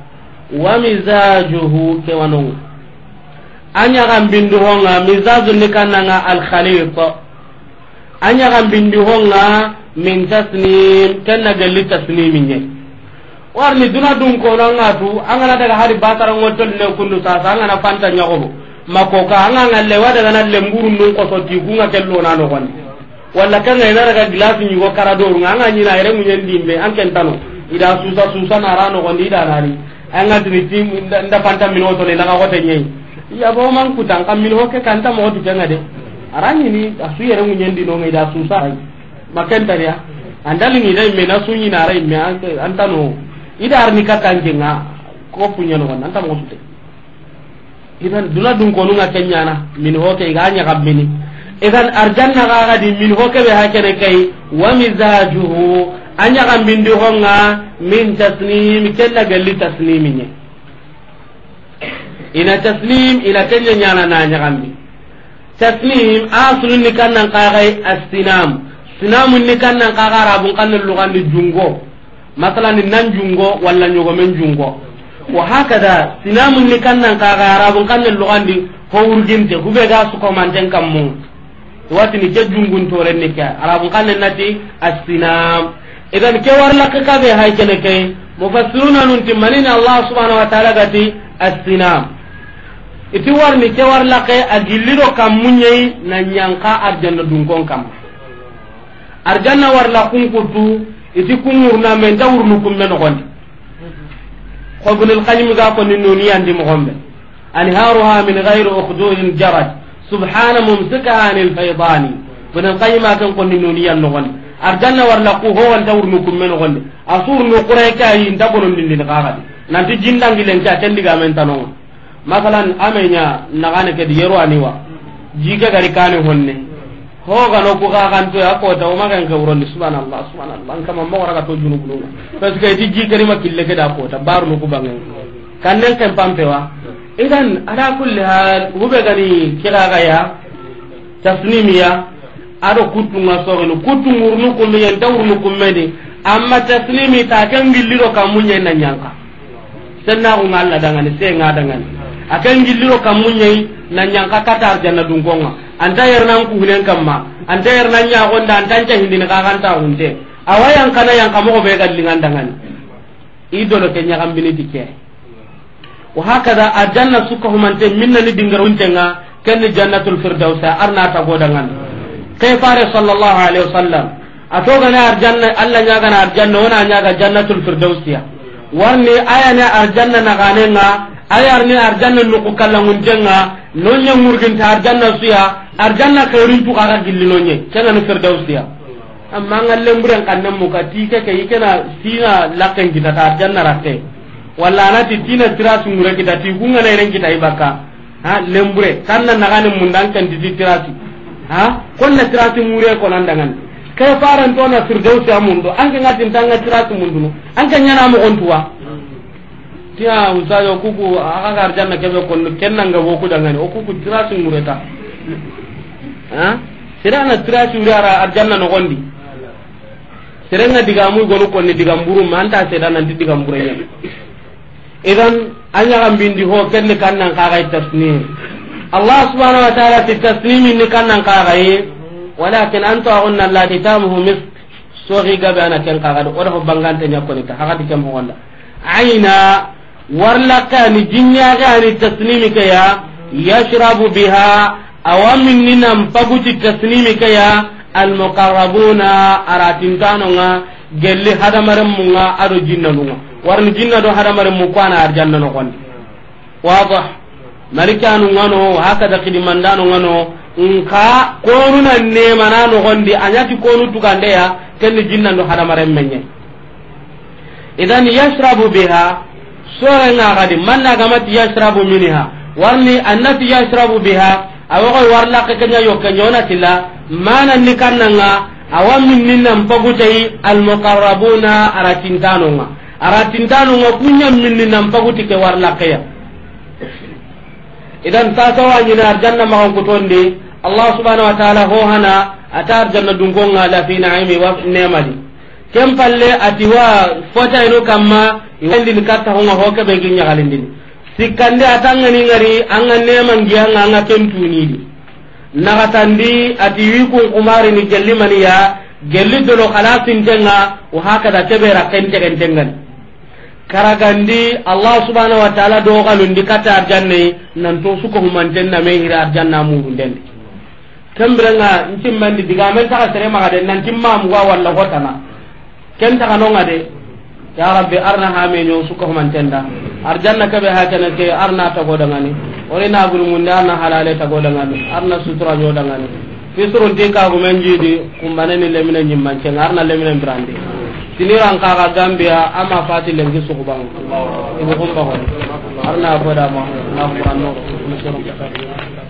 wa mizajuhu ke wanu anya kan bindu honga mizaju ni kananga al khaliq anya kan bindu honga min tasnim tanna galli minye warni duna dun ko nanga tu anga daga hari batara ngotol ne kunu sa sa na fanta nyagobo makoka anga ngalle wada gana lemburu nun ko soti kunga kello na no gon walla kan ina daga glass ni go kara do runga anga ni na ere munyen dimbe an ken tano ida susa susa na rano gon ida nari anga tini tim nda panta minoto ne laga gote nyei ya bo man kutang kam min hoke kanta mo tu kenga de arani ni asu ere munyen dino ngai da susa maken tani ya andali ni dai mena sunyi na rai me an tano ida arni kakanjenga ko punya no gon anta mo tu idan duna dun ko nunga kenyana min hoke ga nya gabbini idan arjanna ga ga di min hoke be hakene kai wa mizajuhu anya ga min di honga min tasnim kella galli tasniminya ina tasnim ila kenya nyana na nya gambi taslim aslun ni kannan ka ga astinam sinam ni kannan ka ga rabun kannan lugan di jungo masalan nan jungo wala nyogo men jungo wa hakada sinamu ni kannan ka ga arabun kannan lugandi ho urginte hube ga su ko manten kammu wati ni ke jungun toren ni ka arabun kannan nati as-sinam idan ke warla ka ka be hay kene ke mufassiruna nun timanina allah subhanahu wa ta'ala gati as-sinam iti warni ke warla ke agillido kammunye na nyanka arjanna dunkon kam arjanna warla kunkutu iti na men dawurnu kumme no gondi ko ibn al qayyim ga ko nin noni andi mo gombe anharuha min ghairi ukhdudin jarat subhana mumsikaha anil faydani masalan hogano ku kakanto a kota omaken ke wuroni subhanallah subhanallah an kama mogoraga to junubununga parce que iti jikenima kille ke da kota barunuku bangen kannen ken pampewa idan ala kulli hal hube gani kikakaya tasnimiya aɗo kuttunga sogini kuttu wurnu da yen ta wurnu kummedi amma taslimi ta ken gilliro kammunye na ñanka sennakunga allah dangani senga dangani aken gilliro munye na ñanka kata janna dunkonga anta yernan kuhunen kamma anta yernan ñagonda ka hindini ta hunte awa yankana yankamogo ɓe gallingandangani i idolo ke bini dikke wa hakada a minna sukka dingar hunte nga kenni jannatul firdausa arna tagodangani ke fare sallallahu alaihi wasallam atogane arjanna allah na arjanna nya ga jannatul firdausiya warni na arjanna naganenga ayarni arjanna nuku jenga non ta arjanna suya arjanna khairin tu kaga gillino nye kenga no firdaus dia amma ngalle mburen kanne mu ka tike ke ikena sina lakken kita ta arjanna ratte wala na ti tina tira sungure kita ti kunga na ren kita ibaka ha lembure tanna nagane mundan kan ti tira su ha konna tira su mure ko nan dangan ke faran to na firdaus ya mundo an kan ngatin tanga tira su mundu an kan yana mu ontuwa tiya usayo kuku aka arjanna kebe konno kenna nga boku dangane o kuku tira su mure ta serena tira suri ara arjanna no gondi serenga digamu gonu konni digamburu manta sedana ndi digamburu yen idan anya gambindi ho kenne kannan kaga tasnim allah subhanahu wa ta'ala ti tasnimi ni kannan ka yi walakin anta agunna allati tamuhu mis sogi gabe ana ken ka gado odo bangante nyakoni ta haga dikem ho wanda aina warlaka ni jinnya ga ni tasnimi ka ya yashrabu biha awamin ni nan paguti taslimi kaya almuqarrabuna aratintanonga gelli hadamaren munga ado jinna nunga warni jinna do hadamaren mu kwana arjanna no gondi wadah malikanu ngano hakada kidimandano ngano nka konuna nemana nogondi anyati konu tugandeya kenni jinna do hadamaren menye idan yashrabu biha sorenga gadi manna gamati yashrabu minha warni annati yashrabu biha awoxoy warlake keña yokke ñonatila mananni kannanga awa minninnan pagutayi almuqarrabuna aratintanonga aratintanonga kuña minninnan paguti ke warlakeya idan sasawañini arjanna maxonkutondi allah subhanau wa taala hohana ata arjanna dunkonga lafi naimi wa nemadi ken palle atiwa fotayinu kamma iwandini kattahonga hokeɓe gi ñagalindini sikkandi atangani ngari anga nemangianga anga kentunidi nagatandi ati wikun kumarini gellimaniya gelli dolo tebe ra kente kentegentengani karagandi allah subhanahu wa taala dogalundi katta arjanne nanto suko humantenname hira arjanna murundendi kembirenga ntimmandi digamen taxa sere magaden nantimmamuga walla hotana kenta kanonga de ya rabbi arna nyo suko humantenda arjanna kabe hakene ke arna tago dangani ori na bul munde arna halale tago ngani arna sutura da ngani. fisurun tin ka gumen jidi kumbane ni lemine nyimman ceng arna lemine brandi tiniran kaga gambia ama fati lengi suku bang ibu kumba arna boda ma na kuran nuru